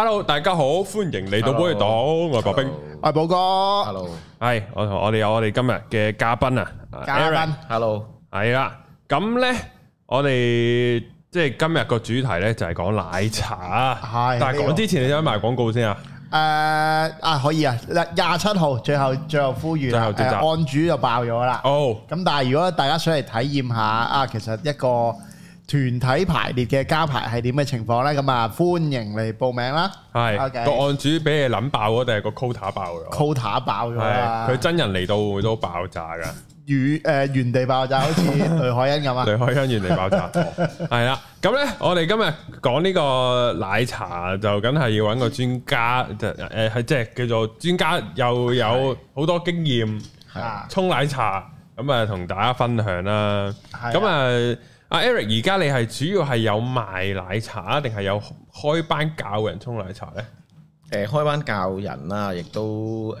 Hello，大家好，歡迎嚟到寶藥黨，我係白兵，我係寶哥，係我我哋有我哋今日嘅嘉賓啊，嘉賓，Hello，係啦，咁咧我哋即係今日個主題咧就係講奶茶啊，係，但係講之前你先賣廣告先啊，誒啊可以啊，廿七號最後最後呼籲啦，案主就爆咗啦，哦，咁但係如果大家想嚟體驗下啊，其實一個。團體排列嘅加排係點嘅情況咧？咁啊，歡迎嚟報名啦！係個案主俾你諗爆咗，定係個 quota 爆咗？quota 爆咗啦！佢真人嚟到會都爆炸噶，原誒原地爆炸，好似雷海恩咁啊！雷海恩原地爆炸，係啦。咁咧，我哋今日講呢個奶茶就梗係要揾個專家，就誒係即係叫做專家，又有好多經驗沖奶茶，咁啊同大家分享啦。係。咁啊～阿 Eric，而家你係主要係有賣奶茶定係有開班教人沖奶茶呢？誒、呃，開班教人啦、啊，亦都誒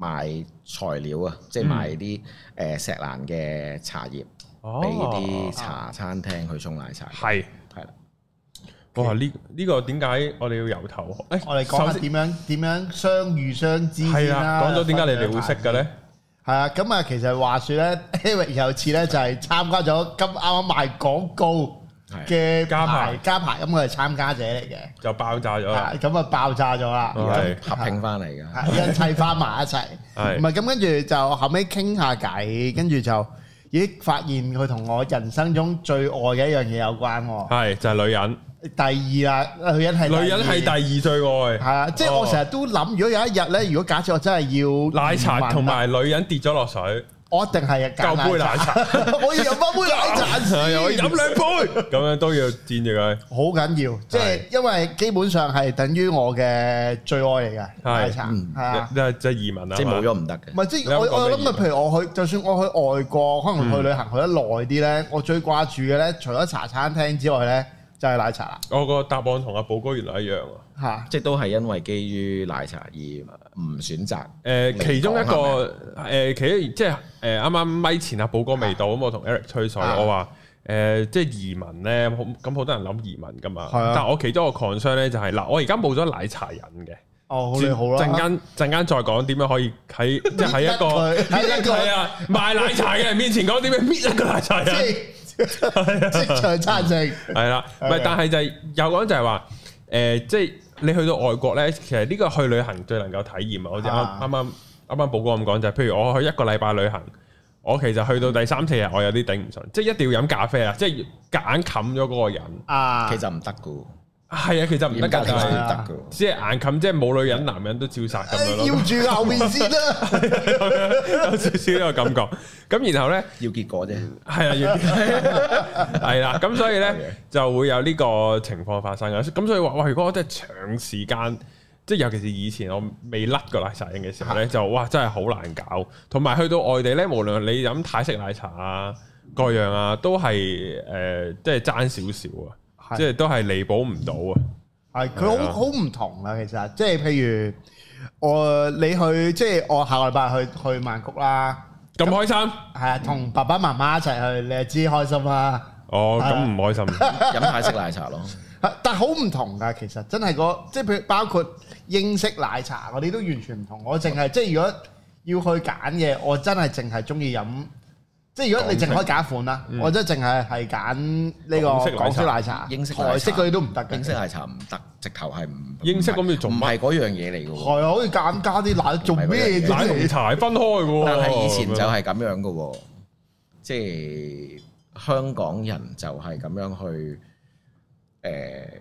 賣、呃、材料啊，嗯、即係賣啲誒錫蘭嘅茶葉俾啲茶餐廳去沖奶茶。係係啦。哇！呢、這、呢個點解、這個、我哋要由頭誒、欸、我哋講下點先樣點樣相遇相知？係啊，講咗點解你哋會識嘅呢？係啊，咁啊，其實話説咧，因為有次咧就係參加咗今啱啱賣廣告嘅家排，家排，咁佢係參加者嚟嘅、嗯，就爆炸咗咁啊，爆炸咗啦，合併翻嚟嘅，一切翻埋一齊。唔係咁，跟住就後尾傾下偈，跟住就咦發現佢同我人生中最愛嘅一樣嘢有關喎，係就係、係、女人。第二啦，女人係女人係第二最愛，係啊！即係我成日都諗，如果有一日咧，如果假設我真係要奶茶同埋女人跌咗落水，我一定係救杯奶茶，我要飲翻杯奶茶先，我要飲兩杯，咁樣都要佔住佢，好緊要，即係因為基本上係等於我嘅最愛嚟嘅奶茶係啊，即係移民啊，即係冇咗唔得嘅。唔係即係我我諗啊，譬如我去，就算我去外國，可能去旅行去得耐啲咧，我最掛住嘅咧，除咗茶餐廳之外咧。就係奶茶啦！我個答案同阿寶哥原來一樣啊，即係都係因為基於奶茶而唔選擇。誒，其中一個誒、呃，其實即係誒，啱啱咪前阿寶哥未到，咁、啊、我同 Eric 吹水，啊、我話誒、呃，即係移民咧，咁好多人諗移民噶嘛。啊、但係我其中一個 concern 咧就係、是、嗱，我而家冇咗奶茶人嘅。哦，好啦、啊，好啦。陣間陣間再講點樣可以喺即係一個係啊，賣 奶茶嘅面前講點樣搣一個奶茶人。 即係差性係啦，唔係 Okay. 但係就係、是、有講就係話，誒、呃，即、就、係、是、你去到外國咧，其實呢個去旅行最能夠體驗，好似啱啱啱啱寶哥咁講就係、是，譬如我去一個禮拜旅行，我其實去到第三四日，我有啲頂唔順，即、就、係、是、一定要飲咖啡啊，即係夾硬冚咗嗰個人，啊、其實唔得噶。係啊，其實唔得噶，即係硬冚，即係冇女人，男人都照殺咁樣咯。要住後面先啦，有少少呢個感覺。咁然後咧，要結果啫，係啊，要係啦。咁所以咧，就會有呢個情況發生嘅。咁所以話哇，如果我真係長時間，即係尤其是以前我未甩個奶茶飲嘅時候咧，就哇真係好難搞。同埋去到外地咧，無論你飲泰式奶茶啊，各樣啊，都係誒，即係爭少少啊。即係都係彌補唔到啊！係佢好好唔同啊，其實即係譬如我你去即係我下個禮拜去去曼谷啦，咁開心係啊，同同、嗯、爸爸媽媽一齊去，你知開心啦。哦，咁唔開心，飲泰式奶茶咯。但好唔同噶，其實真係個即係譬如包括英式奶茶嗰啲都完全唔同。我淨係係即係如果要去揀嘅，我真係淨係中意飲。即係如果你淨可以揀款啦，我真係淨係係揀呢個港式奶茶、台式嗰啲都唔得嘅，英式奶茶唔得，直頭係唔。英式咁要是做唔係嗰樣嘢嚟嘅喎。係啊，可以加加啲奶，做咩、嗯、奶茶分開嘅喎？但係以前就係咁樣嘅喎，嗎即係香港人就係咁樣去誒、呃、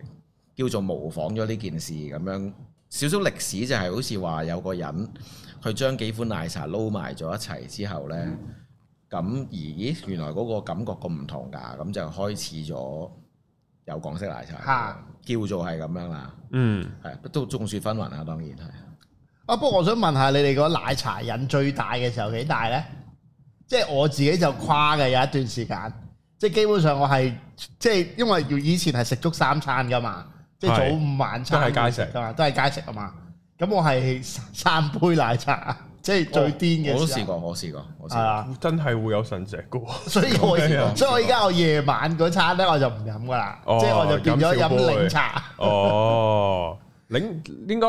叫做模仿咗呢件事咁樣。少少歷史就係好似話有個人去將幾款奶茶撈埋咗一齊之後咧。嗯咁而咦，原來嗰個感覺咁唔同㗎，咁就開始咗有港式奶茶，啊、叫做係咁樣啦。嗯，係都眾說紛紜啊，當然係。啊，不過我想問下你哋個奶茶癮最大嘅時候幾大咧？即係我自己就誇嘅有一段時間，即係基本上我係即係因為要以前係食足三餐㗎嘛，是即係早午晚餐都係街食㗎嘛，都係街食啊嘛。咁我係三杯奶茶。即係最癲嘅，我都試過，我試過，我試過，真係會有腎石嘅，所以我，所以而家我夜晚嗰餐咧，我就唔飲噶啦，哦、即係我就變咗飲檸零茶。 哦。你應該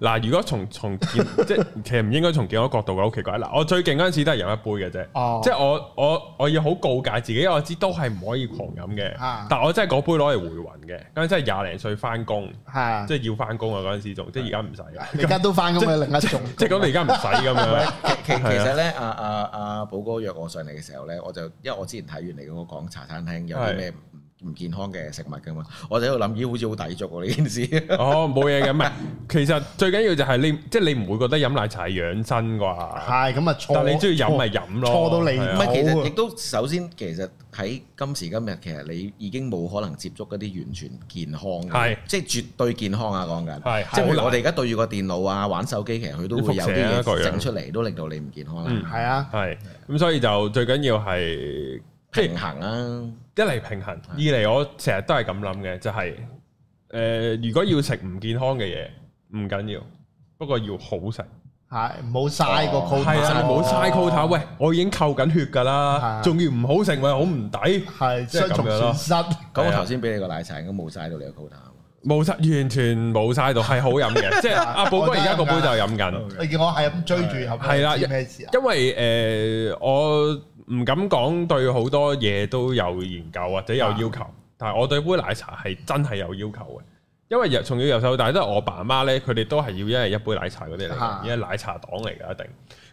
嗱，如果從從即其實唔應該從健康角度嘅，好奇怪。嗱，我最近嗰陣時都係飲一杯嘅啫，即係我我我要好告誡自己，因為我知都係唔可以狂飲嘅。但係我真係嗰杯攞嚟回魂嘅，咁真係廿零歲翻工，即係要翻工啊嗰陣時，仲即係而家唔使。而家都翻工嘅另一種，即係咁，而家唔使咁樣。其其實咧，阿阿阿寶哥約我上嚟嘅時候咧，我就因為我之前睇完你嗰個，我講茶餐廳有啲咩唔健康嘅食物噶嘛，我喺度諗，咦，好似好抵足喎呢件事。哦，冇嘢嘅，唔係，其實最緊要就係你，即係你唔會覺得飲奶茶係養生啩？係咁啊，錯！但你中意飲咪飲咯。錯到你唔係其實亦都首先其實喺今時今日其實你已經冇可能接觸嗰啲完全健康嘅，係即係絕對健康啊講緊。即係是是我哋而家對住個電腦啊玩手機，其實佢都會有啲嘢整出嚟，都令到你唔健康啦。係、嗯、啊，係咁所以就最緊要係平衡啦，一嚟平衡，二嚟我成日都係咁諗嘅，就係誒，如果要食唔健康嘅嘢，唔緊要，不過要好食，係冇嘥個 quota，係啊，冇嘥 quota。喂，我已經扣緊血噶啦，仲要唔好食，喂，好唔抵，係雙重損失。咁我頭先俾你個奶茶，應該冇嘥到你個 quota，冇嘥，完全冇嘥到，係好飲嘅。即係阿寶哥而家個杯就飲緊。你見我係咁追住後邊，係啦，咩事啊？因為誒我。.唔敢講對好多嘢都有研究或者有要求，啊、但係我對杯奶茶係真係有要求嘅，因為由從小由細到大都係我爸媽咧，佢哋都係要一日一杯奶茶嗰啲嚟，而係奶、啊、奶茶黨嚟㗎一定。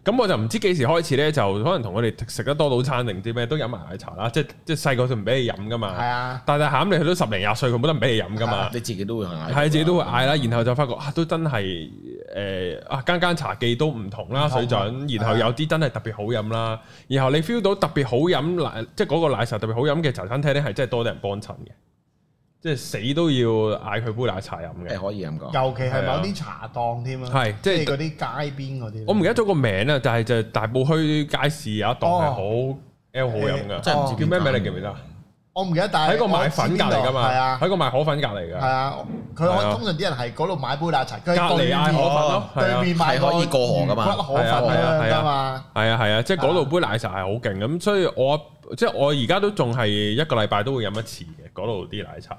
咁、嗯、我就唔知幾時開始咧，就可能同我哋食得多早餐定啲咩都飲埋奶茶啦。即即細個就唔俾你飲噶嘛。係啊，大大下你去到十零廿歲，佢冇得唔俾你飲噶嘛、啊。你自己都會嗌，係、啊、自己都會嗌啦。然後就發覺啊，都真係誒、呃、啊，間間茶記都唔同啦同水準。然後有啲真係特別好飲啦。啊、然後你 feel 到特別好飲奶，即嗰個奶茶特別好飲嘅茶餐廳咧，係真係多啲人幫襯嘅。即係死都要嗌佢杯奶茶飲嘅，係可以咁講。尤其係某啲茶檔添啊，係即係嗰啲街邊嗰啲。我唔記得咗個名啊，但係就係、大埔墟街市有一檔係、哦、好 L 好飲嘅，即係唔知叫咩、哦、名你記唔記得啊？我唔記得，但係喺個賣粉隔離㗎嘛，喺個賣河粉隔離㗎。係啊，佢我通常啲人係嗰度買杯奶茶，佢係隔離嗌河粉囉，對面賣可以過河㗎嘛，係啊係啊係啊，即係嗰度杯奶茶係好勁咁，所以我即係我而家都仲係一個禮拜都會飲一次嘅嗰度啲奶茶，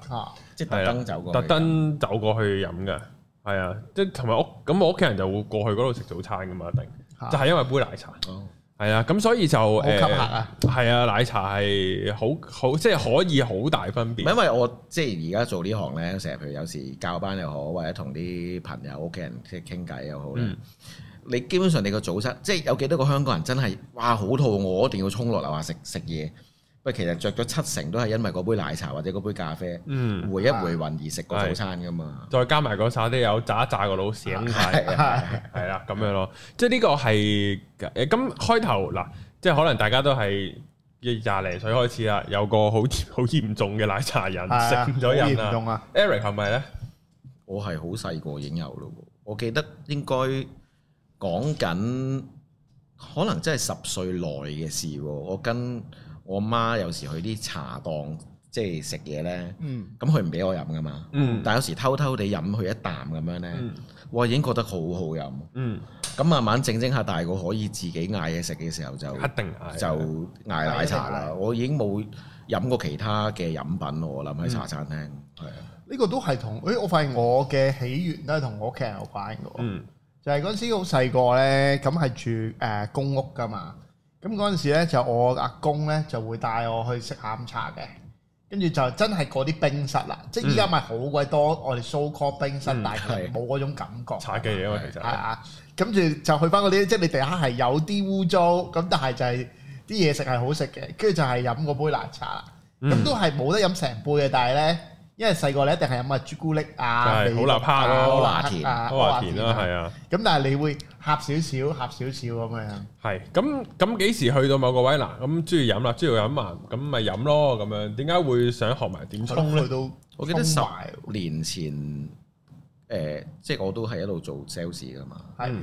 即係特登走特登走過去飲㗎，係啊，即係同埋屋咁我屋企人就會過去嗰度食早餐㗎嘛，一定就係因為杯奶茶。係啊，咁所以就好吸客啊！係啊，奶茶係好好，即係可以好大分別。因為我即係而家做呢行咧，成日譬如有時教班又好，或者同啲朋友、屋企人即係傾偈又好咧，你基本上你個早餐即係有幾多個香港人真係哇，好肚餓，一定要衝落樓下食食嘢。唔，其實着咗七成都係因為嗰杯奶茶或者嗰杯咖啡、嗯，回一回魂而食過早餐㗎嘛。再加埋嗰曬啲有炸一炸個腦醒曬，係啦咁樣咯。即係呢個係誒咁開頭嗱，即係可能大家都係廿零歲開始啦，有個好好嚴重嘅奶茶癮成咗人用啦。的 Eric 係咪咧？我係好細個已經有咯，我記得應該講緊可能真係十歲內嘅事。我跟我媽有時去啲茶檔，即係食嘢咧，咁佢唔俾我飲噶嘛。嗯、但係有時偷偷地飲佢一啖咁樣呢，我已經覺得好好飲。咁慢慢整整下，大個可以自己嗌嘢食嘅時候就，一定就嗌奶茶啦。我已經冇飲過其他嘅飲品。我諗喺茶餐廳，係啊、嗯。呢個都係同，誒、哎，我發現我嘅起源都係同我屋企人有關嘅喎。嗯、就係嗰陣時好細個呢，咁係住誒公屋㗎嘛。咁嗰陣時咧，就我阿公咧就會帶我去食下午茶嘅，跟住就真係過啲冰室啦。即係依家咪好鬼多，我哋 so call 冰室，但係冇嗰種感覺。茶嘅嘢咯，其實。係啊，跟住就去翻嗰啲，即係你地下係有啲污糟，咁但係就係啲嘢食係好食嘅，跟住就係飲嗰杯奶茶，咁都係冇得飲成杯嘅。但係咧，因為細個你一定係飲埋朱古力啊，好立克咯。阿華田，阿華田啦，係啊。咁但係你會？合少少，合少少咁樣。係，咁咁幾時去到某個位？嗱，咁中意飲啦，中意飲啊，咁咪飲咯咁樣。點解會想學埋點沖咧？我記得十年前，誒、呃，即係我都係一路做 sales 噶嘛。係的。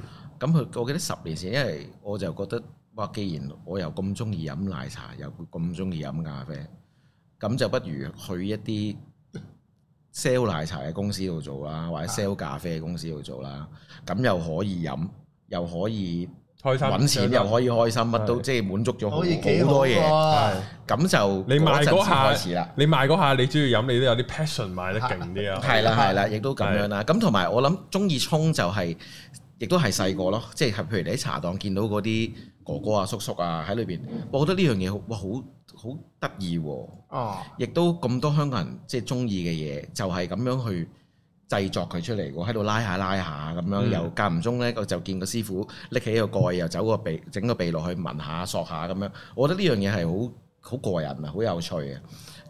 咁佢，我記得十年前，因為我就覺得，哇！既然我又咁中意飲奶茶，又咁中意飲咖啡，咁就不如去一啲 sell 奶茶嘅公司度做啦，或者 sell 咖啡嘅公司度做啦，咁的又可以飲。又可以揾錢，想想又可以開心，乜都即係滿足咗好多嘢。咁就那你賣嗰下，你賣嗰下你中意飲，你有都的有啲 passion，賣得勁啲啊！係啦係啦，亦都咁樣啦。咁同埋我諗，中意沖就係，亦都係細個咯。即係譬如你喺茶檔見到嗰啲哥哥啊、叔叔啊喺裏邊，我覺得呢樣嘢好好得意喎！哦，亦、啊、都咁多香港人即係中意嘅嘢，就係、是、咁樣去。製作佢出嚟，我喺度拉下拉下咁樣，又間唔中呢，我就見個師傅拎起個蓋，又走個鼻，整個鼻落去聞下、索下咁樣。我覺得呢樣嘢係好好過癮啊，好有趣嘅。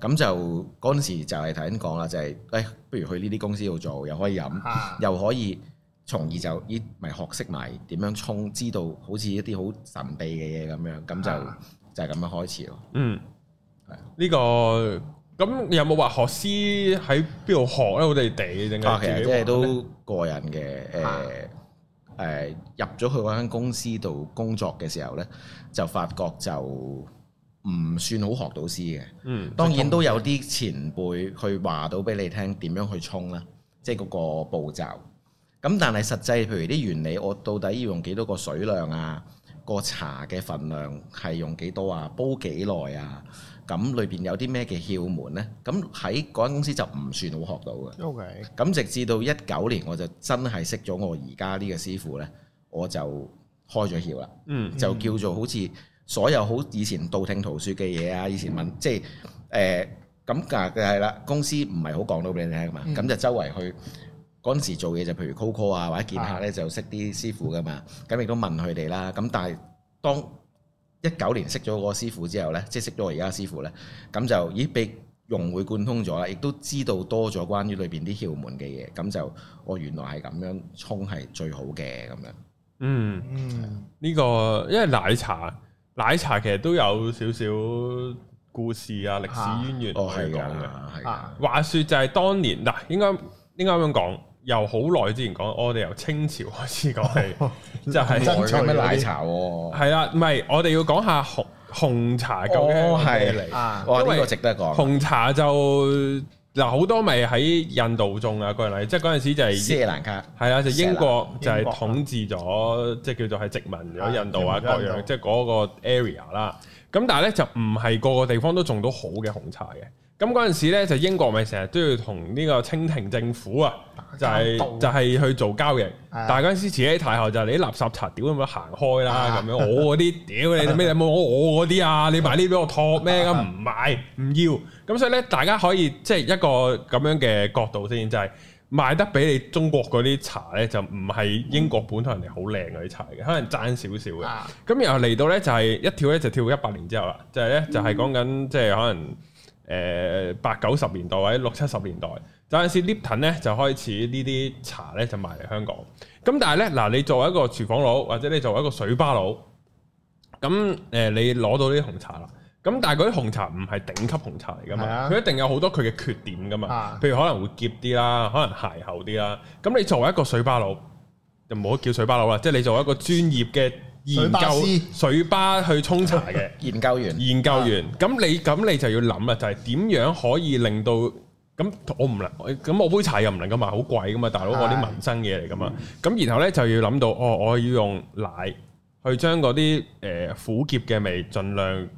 咁就嗰陣時就係頭先講啦，就係、是、誒，不如去呢啲公司度做，又可以飲，啊、又可以從而就咦，咪學識埋點樣沖，知道好似一啲好神秘嘅嘢咁樣。咁就、啊、就係咁樣開始咯。嗯，呢對、呢個。咁你有冇話學師喺邊度學咧？我哋哋定係自己、啊、其實都個人嘅，誒、呃、誒、啊呃，入咗去嗰間公司度工作嘅時候咧，就發覺就唔算好學到師嘅。嗯，當然都有啲前輩去話到俾你聽點樣去沖啦，即係嗰個步驟。咁但係實際，譬如啲原理，我到底要用幾多個水量啊？個茶嘅份量係用幾多啊？煲幾耐啊？嗯咁裏邊有啲咩嘅竅門呢？咁喺嗰間公司就唔算好學到嘅。OK。咁直至到一九年，我就真係識咗我而家呢個師傅呢，我就開咗竅啦、嗯。嗯。就叫做好似所有好以前道聽途説嘅嘢啊，以前問、嗯、即係誒咁啊，係、呃、啦，公司唔係好講到俾你聽嘛。咁、嗯、就周圍去嗰陣時做嘢，就譬如 call call 啊，或者見客呢就識啲師傅噶嘛，咁亦都問佢哋啦。咁但係當一九年識咗嗰個師傅之後呢，即係識咗我而家師傅呢，咁就已經被融會貫通咗啦，亦都知道多咗關於裏邊啲竅門嘅嘢，咁就我原來係咁樣沖係最好嘅咁樣。嗯嗯，呢、啊這個因為奶茶，奶茶其實都有少少故事啊，歷史淵源可以講嘅。啊，哦、啊啊啊話說就係當年嗱，應該應該啱咁講。由好耐之前講，我哋由清朝開始講起，哦、就係爭咗咩奶茶喎、啊？係啦、啊，唔係我哋要講下紅紅茶究竟咩嚟啊？哇、哦，呢、哦呢個值得講。紅茶就嗱好多咪喺印度種啊，各樣即係嗰陣時就係、係、斯里蘭卡，係啊，就係、英國就係統治咗，蘭啊、即係叫做係殖民咗印度啊，各樣，即係嗰個 area 啦。咁但係咧就唔係個個地方都種到好嘅紅茶嘅。咁嗰陣時咧，就英國咪成日都要同呢個清廷政府啊、就是，道就係就係去做交易。 但係嗰陣時，慈禧太后就係啲垃圾茶，點樣行開啦咁 樣？我嗰啲屌你咩冇我嗰啲 啊？你買呢啲俾我托咩？咁唔賣唔要。咁所以咧，大家可以即係、就是、一個咁樣嘅角度先，就係、是、賣得俾你中國嗰啲茶咧，就唔係英國本土人哋好靚嗰啲茶嘅，嗯、可能爭少少嘅。咁然後嚟到咧就係、是、一跳咧就跳一百年之後啦，就係、是、咧就係、是、講緊即係可能。嗯誒、呃、八九十年代或者六七十年代，嗰陣、是、時 Lipton 咧就開始呢啲茶咧就賣嚟香港。咁但係咧嗱，你作為一個廚房佬或者你作為一個水吧佬，咁誒、呃、你攞到呢啲紅茶啦。咁但係嗰啲紅茶唔係頂級紅茶嚟噶嘛，佢是、啊、一定有好多佢嘅缺點噶嘛。是啊、譬如可能會澀啲啦，可能鞋厚啲啦。咁你作為一個水吧佬，就唔好叫水吧佬啦，即、就、係、是、你作為一個專業嘅。研究水吧去沖茶嘅 研究員，完，研究員，咁、啊、你咁你就要諗啊，就係、是、點樣可以令到咁我唔能咁我杯茶又唔能夠賣好貴噶嘛，大佬是的 我啲民生嘢嚟噶嘛，咁、嗯、然後咧就要諗到哦，我要用奶去將嗰啲誒苦澀嘅味儘量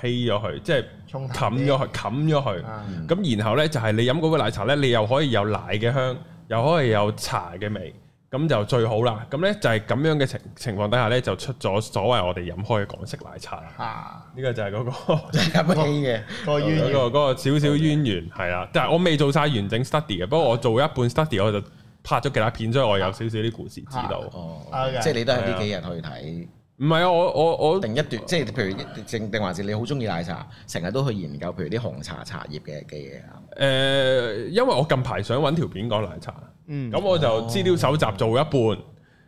稀咗佢，即係冚咗佢，冚咗佢。咁、啊嗯、然後咧就係、是、你飲嗰杯奶茶咧，你又可以有奶嘅香，又可以有茶嘅味。咁就最好啦。咁呢就係咁樣嘅情情況底下呢就出咗所謂我哋飲開嘅港式奶茶啦。啊！呢個就係嗰、那個嗰個，就係咁起嘅嗰個，嗰、嗰個嗰個少少淵源係啦淵源。但係我未做晒完整 study 嘅、啊，不過我做一半 study 我就拍咗其他片，所以我有少少啲故事知道。啊啊、哦，啊 okay. 即係你都係呢幾日去睇。唔係啊！我我我定一段，即係譬如正定還是你好中意奶茶，成日都去研究，譬如啲紅茶茶葉嘅嘅嘢啊。誒、呃，因為我近排想揾條片講奶茶，咁、嗯、我就資料搜集做一半，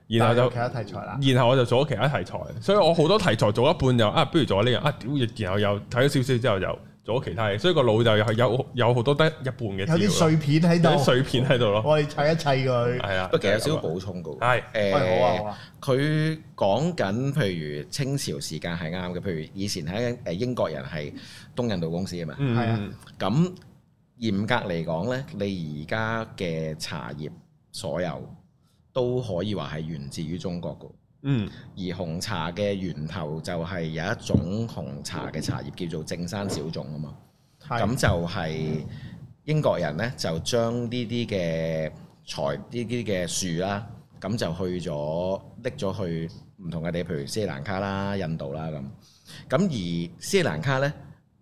嗯、然後就其他題材啦。然後我就做咗其他題材，所以我好多題材做一半又啊，不如做呢、這、樣、個、啊然後又睇咗少少之後又。做咗其他嘢，所以個腦就又有有好多得一半嘅資料，有啲碎片喺度，有啲碎片喺度咯。我哋砌一砌佢，係啊，不過其實有少少補充嘅。係、啊，誒、欸，佢講緊譬如清朝時間係啱嘅，譬如以前喺誒英國人係東印度公司啊嘛。嗯，係啊。咁嚴格嚟講咧，你而家嘅茶葉所有都可以話係源自於中國嘅。嗯，而紅茶嘅源頭就係有一種紅茶嘅茶葉叫做正山小種啊嘛，咁、嗯、就係英國人咧就將呢啲嘅材呢啲嘅樹啦，咁就去咗拎咗去唔同嘅地，譬如斯里蘭卡啦、印度啦咁。咁而斯里蘭卡咧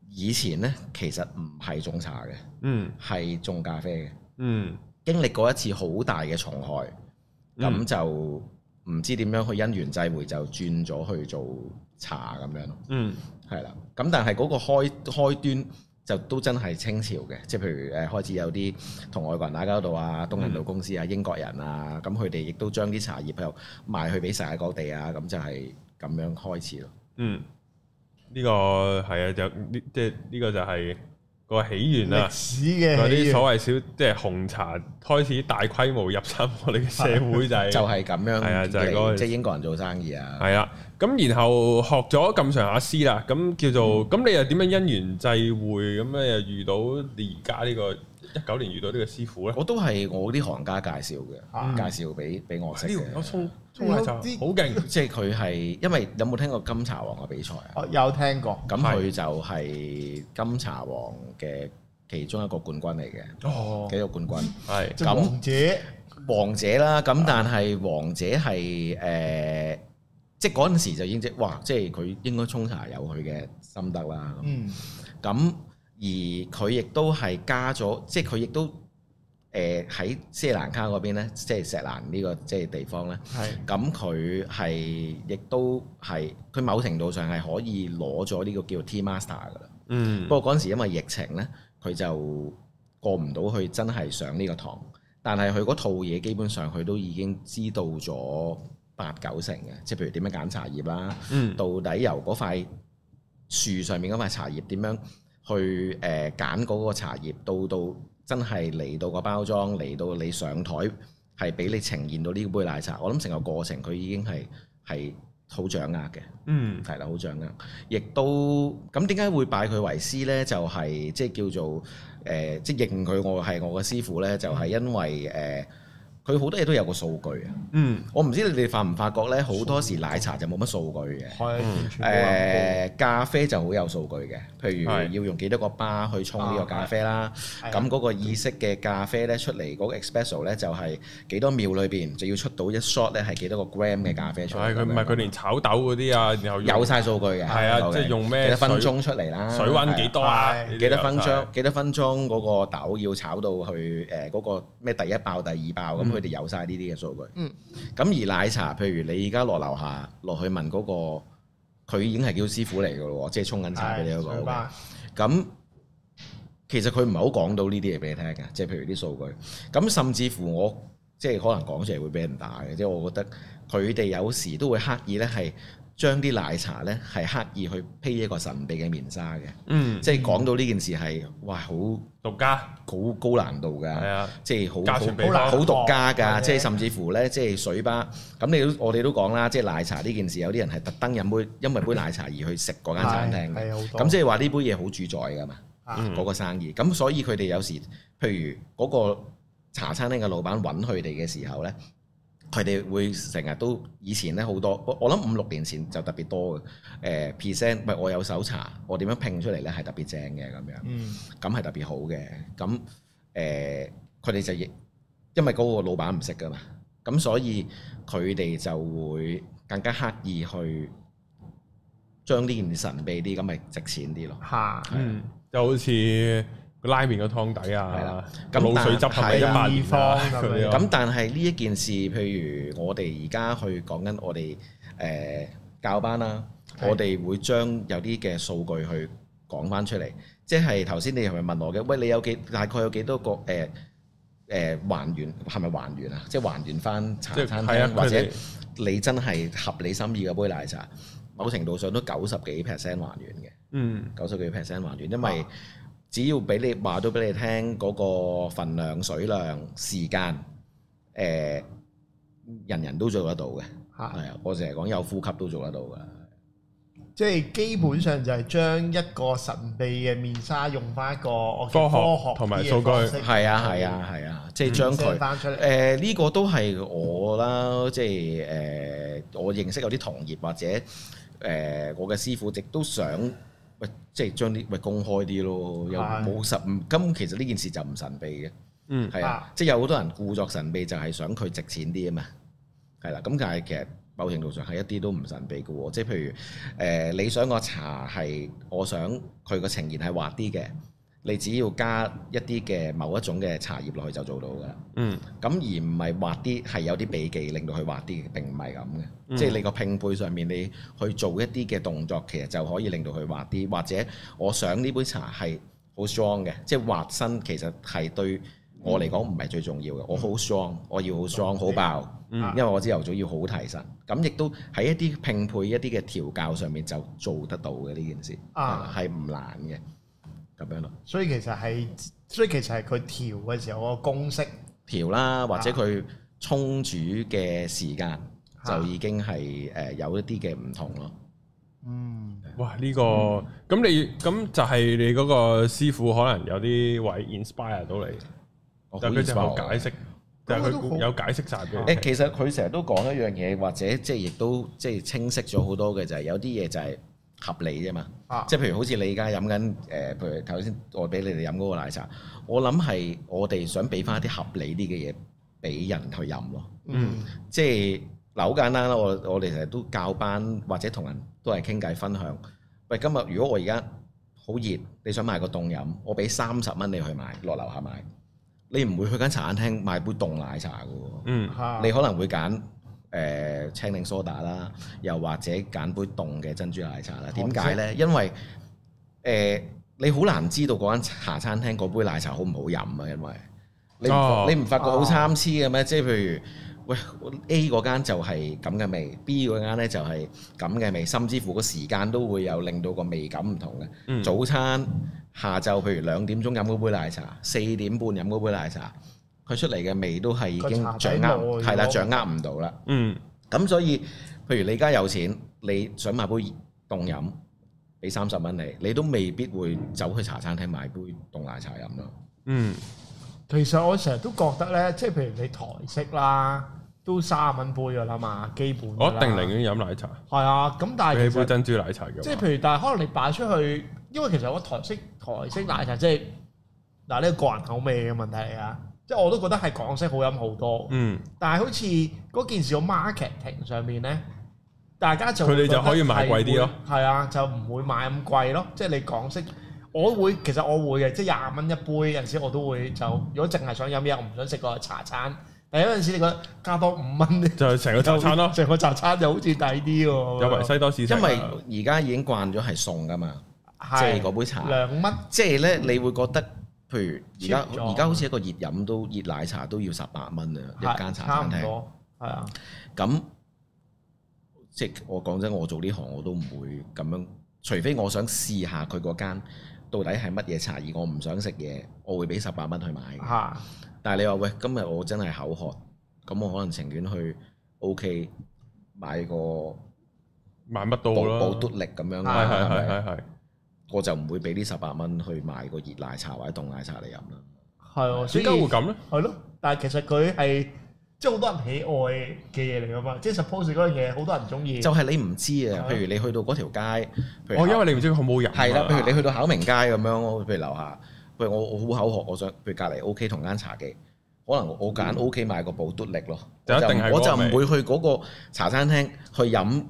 以前咧其實唔係種茶嘅，嗯，係種咖啡嘅，嗯，經歷過一次好大嘅蟲害，咁就。嗯唔知點樣去因緣際會就轉咗去做茶咁樣，嗯，係啦。咁但係嗰個開、開端就都真係清朝嘅，即係譬如誒開始有啲同外國人打交道啊，東印度公司啊，嗯、英國人啊，咁佢哋亦都將啲茶葉又賣去俾世界各地啊，咁、嗯、就係、係、咁樣開始咯。嗯，呢、呢個係啊，就呢即係呢個就係、係。個起源啊，嗰啲所謂小即係、就是、紅茶開始大規模入侵我哋嘅社會就係、是、 就係咁樣，係啊，就係即係英國人做生意啊，係啦、啊，咁然後學咗咁上下時啦，咁叫做咁、嗯、你又點樣因緣際會咁咧？樣又遇到你而家呢個。一九年遇到呢個師傅咧，我都係我啲行家介紹嘅，介紹俾俾我識。啲人有沖沖茶，好勁。即係佢係因為有冇聽過金茶王嘅比賽啊？有聽過。咁佢就係金茶王嘅其中一個冠軍嚟嘅，幾個冠軍。係。咁王者王者啦，咁但係王者係誒，即係嗰陣時就已經哇，即係佢應該沖茶有佢嘅心得啦。嗯，咁。而佢亦都係加咗，即係佢亦都誒喺斯里蘭卡嗰邊咧，即係錫蘭呢、呢個即係地方呢。咁佢係亦都係，佢某程度上係可以攞咗呢個叫 tea master 噶啦。嗯。不過嗰陣時因為疫情呢，佢就過唔到去真係上呢個堂，但係佢嗰套嘢基本上佢都已經知道咗八九成嘅，即係譬如點樣揀茶葉啦，嗯、到底由嗰塊樹上面嗰塊茶葉點樣？去誒揀嗰個茶葉，到到真係嚟到個包裝，嚟到你上台係俾你呈現到呢杯奶茶。我諗成個過程佢已經係係好掌握嘅，嗯，係啦，好掌握。亦都咁點解會拜佢為師呢？就係即係叫做誒、呃，即係認佢我係我嘅師傅呢，就係因為誒。呃佢好多嘢都有個數據啊！嗯，我唔知你哋發唔發覺咧，好多時奶茶就冇乜數據嘅，係、嗯呃、咖啡就好有數據嘅，譬如要用幾多個巴去沖呢個咖啡啦。咁嗰、啊、個意式嘅咖啡咧，出嚟嗰個 espresso 咧，就係幾多秒裏邊就要出到一 shot 咧，係幾多個 gram 嘅咖啡出嚟？佢唔係佢連炒豆嗰啲啊，然後有晒數據嘅，係啊，即、就、係、是、用咩幾多分鐘出嚟啦？水溫幾多？啊？幾多分鐘？幾多分鐘嗰個豆要炒到去誒嗰個咩第一爆、第二爆咁？嗯佢哋有晒呢啲嘅數據，咁、嗯、而奶茶，譬如你而家落樓下落去問嗰個，佢已經係叫師傅嚟噶咯，即係沖緊茶俾你嗰個。咁其實佢唔係好講到呢啲嘢俾你聽嘅，即係譬如啲數據。咁甚至乎我即係可能講出嚟會俾人打嘅，即係我覺得佢哋有時都會刻意咧係。將啲奶茶呢係刻意去披一個神秘嘅面紗嘅，嗯，即係講到呢件事係，哇好獨家，好高難度㗎，哦、即係好好好獨家㗎，即係甚至乎呢，嗯、即係水吧咁你都我哋都講啦，即係奶茶呢件事有啲人係特登飲杯因為杯奶茶而去食嗰間餐廳，係啊，咁即係話呢杯嘢好主宰㗎嘛，嗰、嗯、個生意，咁所以佢哋有時譬如嗰個茶餐廳嘅老闆揾佢哋嘅時候呢。佢哋會成日都以前咧好多，我我諗五六年前就特別多嘅。誒、呃、percent，唔係我有手查，我點樣拼出嚟咧，係特別正嘅咁樣，咁係、嗯、特別好嘅。咁誒佢哋就亦因為嗰個老闆唔識噶嘛，咁所以佢哋就會更加刻意去將啲件神秘啲，咁咪值錢啲咯。嚇，嗯，的就好似。拉麵個湯底啊，係啦，咁滷水汁係一萬啊！咁但係呢一件事，譬如我哋而家去講緊我哋誒、呃、教班啦、啊，是的 我哋會將有啲嘅數據去講翻出嚟。即係頭先你係咪問我嘅？喂，你有幾大概有幾多個誒誒、呃呃、還原係咪還原啊？即係還原翻茶餐廳或者你真係合理心意嘅杯奶茶，某程度上都九十幾 percent 還原嘅。嗯，九十幾 percent 還原，因為，啊只要俾你話到俾你聽嗰、那個份量、水量、時間，誒、呃，人人都做得到嘅。嚇哈，係啊，我成日講有呼吸都做得到㗎。即係基本上就係將一個神秘嘅面紗用翻一個科學同埋數據，係、嗯、啊，係啊，係啊，即係、啊嗯、將佢翻出嚟誒，呢個都係我啦，即係誒、呃、我認識有啲同業或者誒、呃、我嘅師傅亦都想。即係將啲咪公開啲咯，又冇神，咁其實呢件事就唔神秘嘅，嗯，係的啊，即係有好多人故作神秘，就係想佢值錢啲啊嘛，係啦，咁但係其實某程度上係一啲都唔神秘嘅喎，即係譬如誒、呃，你想個茶係，我想佢個呈現係滑啲嘅。你只要加一啲嘅某一種嘅茶葉落去就做到噶啦。嗯。咁而唔係滑啲係有啲秘技令到佢滑啲，嘅，並唔係咁嘅。嗯、即係你個拼配上面，你去做一啲嘅動作，其實就可以令到佢滑啲。或者我想呢杯茶係好 strong 嘅，即係滑身其實係對我嚟講唔係最重要嘅、嗯。我好 strong，我要好 strong，好爆。嗯、因為我朝頭早要好提神。咁亦都喺一啲拼配一啲嘅調教上面就做得到嘅呢件事。啊、嗯。係唔難嘅。咁樣咯，所以其實係，所以其實係佢調嘅時候個公式調啦，或者佢沖煮嘅時間、啊、就已經係誒有一啲嘅唔同咯。嗯，哇！呢、呢個咁你咁就係你嗰個師傅可能有啲位 inspire 到你，但佢、哦、就冇解釋，但佢、嗯、有解釋晒。嘅、嗯。誒，其實佢成日都講一樣嘢，或者即係亦都即係清晰咗好多嘅就係、係、有啲嘢就係、係。合理啫嘛，啊、即係譬如好似你而家飲緊誒，譬如頭先我俾你哋飲嗰個奶茶，我諗係我哋想俾翻一啲合理啲嘅嘢俾人去飲咯。嗯，即係嗱好簡單啦，我我哋成日都教班或者同人，都係傾偈分享。喂，今日如果我而家好熱，你想買個凍飲，我俾三十蚊你去買，落樓下買，你唔會去間茶餐廳買杯凍奶茶㗎喎。嗯，啊、你可能會揀。誒、呃、青檸梳打啦，又或者揀杯凍嘅珍珠奶茶啦。點解呢？因為誒、呃、你好難知道嗰間茶餐廳嗰杯奶茶好唔好飲啊？因為你唔、哦、發覺好參差嘅咩？哦、即係譬如喂 A 嗰間就係咁嘅味，B 嗰間呢就係咁嘅味，甚至乎個時間都會有令到個味感唔同嘅。嗯、早餐下晝，譬如兩點鐘飲嗰杯奶茶，四點半飲嗰杯奶茶。佢出嚟嘅味都係已經掌握，係啦，掌握唔到啦。嗯，咁所以，譬如你而家有錢，你想買杯凍飲，俾三十蚊你，你都未必會走去茶餐廳買杯凍奶茶飲咯。嗯，其實我成日都覺得咧，即係譬如你台式啦，都三十蚊杯㗎啦嘛，基本。我一定寧願飲奶茶。係啊，咁但係其實杯珍珠奶茶嘅。即係譬如，但係可能你擺出去，因為其實我台式台式奶茶即係嗱，呢個個人口味嘅問題啊。即我都覺得係港式好飲好多，嗯。但係好似嗰件事個 marketing 上面咧，大家就佢哋就可以賣貴啲咯，係啊，就唔會賣咁貴咯。即係你港式，我會其實我會嘅，即係廿蚊一杯。有陣時我都會就，嗯，如果淨係想飲嘢，我唔想食個茶餐。但係有陣時你覺得加多五蚊，就成個茶餐咯，成個茶餐就好似抵啲喎。有埋西多士，因為而家已經慣咗係送㗎嘛，即係嗰杯茶兩蚊，即係咧你會覺得。譬如而家，而家好似一個熱飲都，熱奶茶都要十八蚊啊，一間茶餐廳，係啊，咁即係我講真，我做呢行我都唔會咁樣，除非我想試下佢嗰間到底係乜嘢茶，而我唔想食嘢，我會俾十八蚊去買。係。但係你話喂，今日我真係口渴，咁我可能情願去 OK 買個買乜都啦，寶多力咁樣。係係係係。我就唔會俾呢十八蚊去買個熱奶茶或者凍奶茶嚟飲啦。係喎、啊，點解會咁咧？係咯，但係其實佢係即係好多人喜愛嘅嘢嚟㗎嘛。即係 suppose 嗰樣嘢好多人中意。就係你唔知啊。譬如你去到嗰條街，譬如哦，因為你唔知有冇人、啊。係啦。譬如你去到考明街咁樣譬如樓下，譬如我我好口渴，我想譬如隔離 OK 同間茶記，可能我揀 OK 買個寶嘟力咯。就一定係我就唔會去嗰個茶餐廳去飲。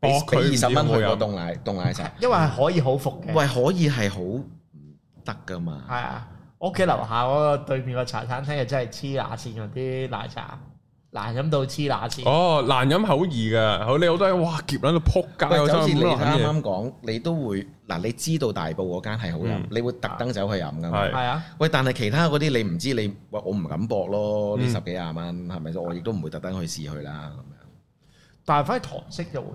佢二十蚊去個凍奶凍奶茶，因為係可以好服嘅。喂，可以係好唔得㗎嘛？係啊，我屋企樓下嗰個對面個茶餐廳又真係黐牙線嗰啲奶茶，難飲到黐牙線。哦，難飲係好易嘅，好你好多係哇夾喺度撲街。好似先你啱啱講，你都會嗱，你知道大埔嗰間係好飲，你會特登走去飲㗎嘛？係啊。喂，但係其他嗰啲你唔知你，喂我唔敢博咯，呢十幾廿蚊係咪我亦都唔會特登去試佢啦咁樣。但係反而台式就會。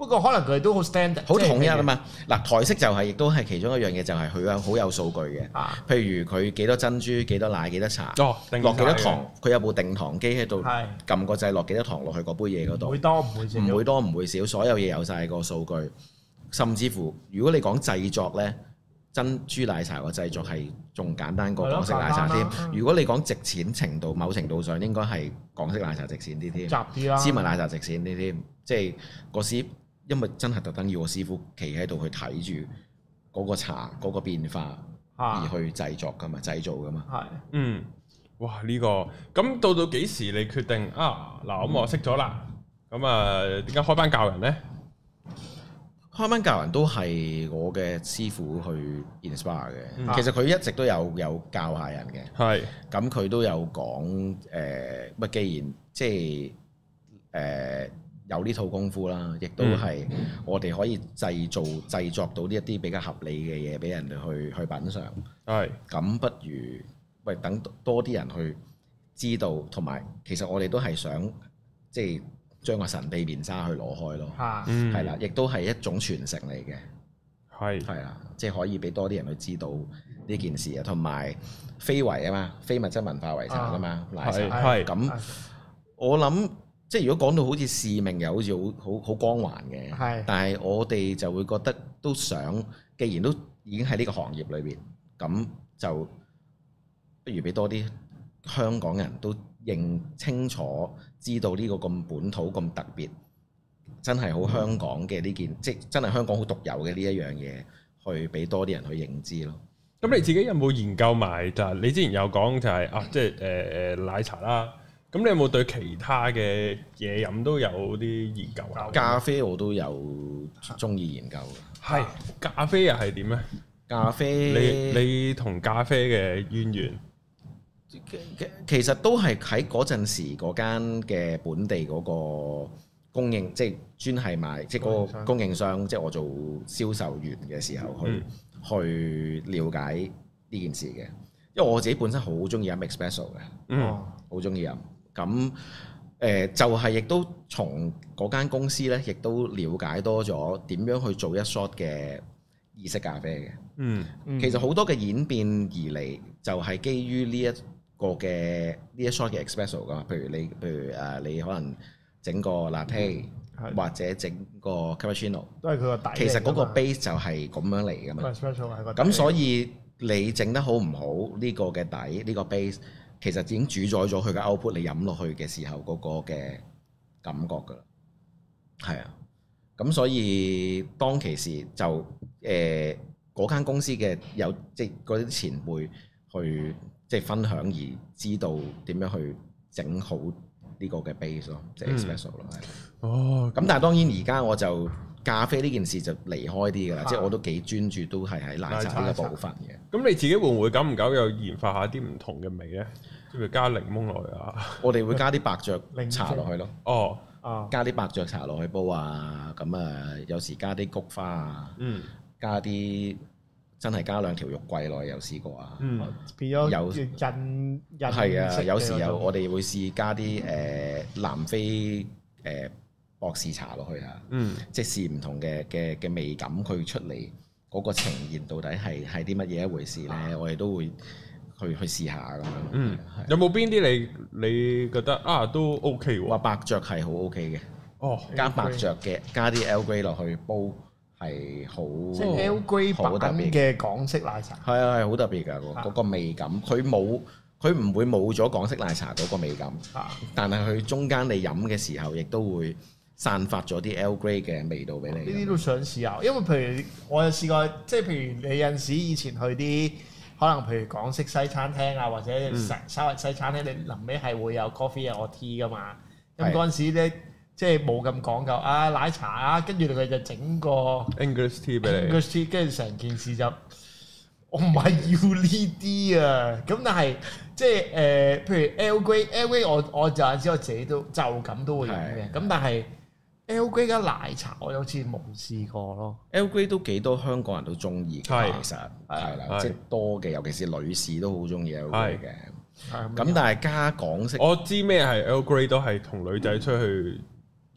不過可能佢哋都好 standard，好統一啊嘛。嗱是，台式就係亦都係其中一樣嘢、就是，就係佢嘅好有數據嘅。啊，譬如佢幾多珍珠、幾多奶、幾多茶，哦，落幾多糖，佢有部定糖機喺度，係撳個掣落幾多糖落去嗰杯嘢嗰度，唔會多唔會少，唔會多唔會少，所有嘢有晒個數據。甚至乎，如果你講製作呢，珍珠奶茶個製作係仲簡單過港式奶茶添的、啊。如果你講值錢程度，某程度上應該係港式奶茶值錢啲添，雜啲啦、啊，芝麻奶茶值錢啲添，即係個市。因為真係特登要我師傅企喺度去睇住嗰個茶嗰、那個變化而去製作㗎嘛，製造㗎嘛。係、啊，嗯，哇！呢、這個咁到到幾時你決定啊？嗱，咁我識咗啦。咁啊，點解開班教人呢？開班教人都係我嘅師傅去 inspire 嘅。啊、其實佢一直都有有教下人嘅。係是。咁佢都有講，誒，乜？既然即係，誒、呃。有呢套功夫啦，亦都係我哋可以製造、製作到呢一啲比較合理嘅嘢俾人哋去去品嚐。係咁的，不如喂，等多啲人去知道，同埋其實我哋都係想即係、就是、將個神秘面紗去攞開咯。嚇，係啦，亦都係一種傳承嚟嘅。係係啊，即係可以俾多啲人去知道呢件事啊，同埋非遺啊嘛，非物質文化遺產啊嘛，奶茶慎。係咁，那的我諗。即係如果講到好似使命又好似好好好光環嘅，是但係我哋就會覺得都想，既然都已經喺呢個行業裏邊，咁就不如俾多啲香港人都認清楚、知道呢個咁本土、咁特別，真係好香港嘅呢件，嗯、即真係香港好獨有嘅呢一樣嘢，去俾多啲人去認知咯。咁、嗯、你自己有冇研究埋就係、是、你之前有講就係、是、啊，即係誒誒奶茶啦。咁你有冇對其他嘅嘢飲都有啲研究啊？咖啡我都有中意研究嘅。係咖啡又係點咧？咖啡，你你同咖啡嘅淵源？其實都係喺嗰陣時嗰間嘅本地嗰個供應，即係專係賣，即係嗰個供應商，即係我做銷售員嘅時候去、嗯、去了解呢件事嘅。因為我自己本身好中意飲 espresso 嘅，嗯，好中意飲。咁誒、呃、就係、是、亦都從嗰間公司咧，亦都了解多咗點樣去做一 shot 嘅意式咖啡嘅、嗯。嗯，其實好多嘅演變而嚟，就係、是、基於呢一個嘅呢一 shot 嘅 espresso 噶。譬如你，譬如啊，你可能整個 latte、嗯、或者整個 cappuccino 都係佢個底。其實嗰個 base 就係咁樣嚟㗎嘛。咁所以你整得好唔好呢、呢個嘅底呢、呢個 base？其實已經主宰咗佢嘅 output，你飲落去嘅時候嗰個嘅感覺噶啦，係啊，咁所以當其時就誒嗰間公司嘅有即係嗰啲前輩去即係分享而知道點樣去整好呢個嘅 base 咯，即係 special 咯，係哦。咁但係當然而家我就。咖啡呢件事就離開啲㗎喇，啊、即係我都幾專注，都係喺奶茶嘅部分嘅。咁你自己會唔會久唔久又研發一下啲唔同嘅味咧？譬如加檸檬落去啊，我哋會加啲白雀茶落去咯。哦、嗯，加啲白雀茶落去煲啊。咁啊，有時加啲菊花啊，嗯，加啲真係加兩條肉桂落去有試過啊。嗯，變咗有人，係有人啊，有時有我哋會試加啲誒、呃、南非誒，呃博士茶落去啊！嗯，即試唔同嘅嘅嘅味感，佢出嚟嗰個呈現到底係係啲乜嘢一回事咧？啊、我哋都會去去試下咁樣。嗯，是有冇邊啲你你覺得啊都 OK 喎、啊？話白雀係好 OK 嘅。哦，Earl Grey, 加白雀嘅，加啲 Earl Grey 落去煲係好即 Earl Grey 好特別嘅港式奶茶。係啊係，好特別㗎嗰、啊、個味感，佢冇佢唔會冇咗港式奶茶嗰個味感。嚇！但係佢中間你飲嘅時候，亦都會。散發咗啲 Earl Grey 嘅味道俾你，呢啲都想試下，因為譬如我有試過，即係譬如你有陣時以前去啲可能譬如港式西餐廳啊，或者稍為西餐廳，你臨尾係會有 coffee or tea 噶嘛，咁嗰陣時咧即係冇咁講究，啊奶茶啊，跟住佢就整個 English tea 俾你，English tea 跟住成件事就我唔係要呢啲啊，咁但係即係誒、呃、譬如 Earl Grey Earl Grey 我我就係知我自己都就咁都會飲嘅，咁是、啊、但係。Earl Grey 嘅奶茶我有次冇試過咯，Earl Grey 都幾多香港人都中意嘅，是其實係啦，即係多嘅，尤其是女士都好中意 Earl Grey 嘅。咁的但係加港式，我知咩係 Earl Grey 都係同女仔出去、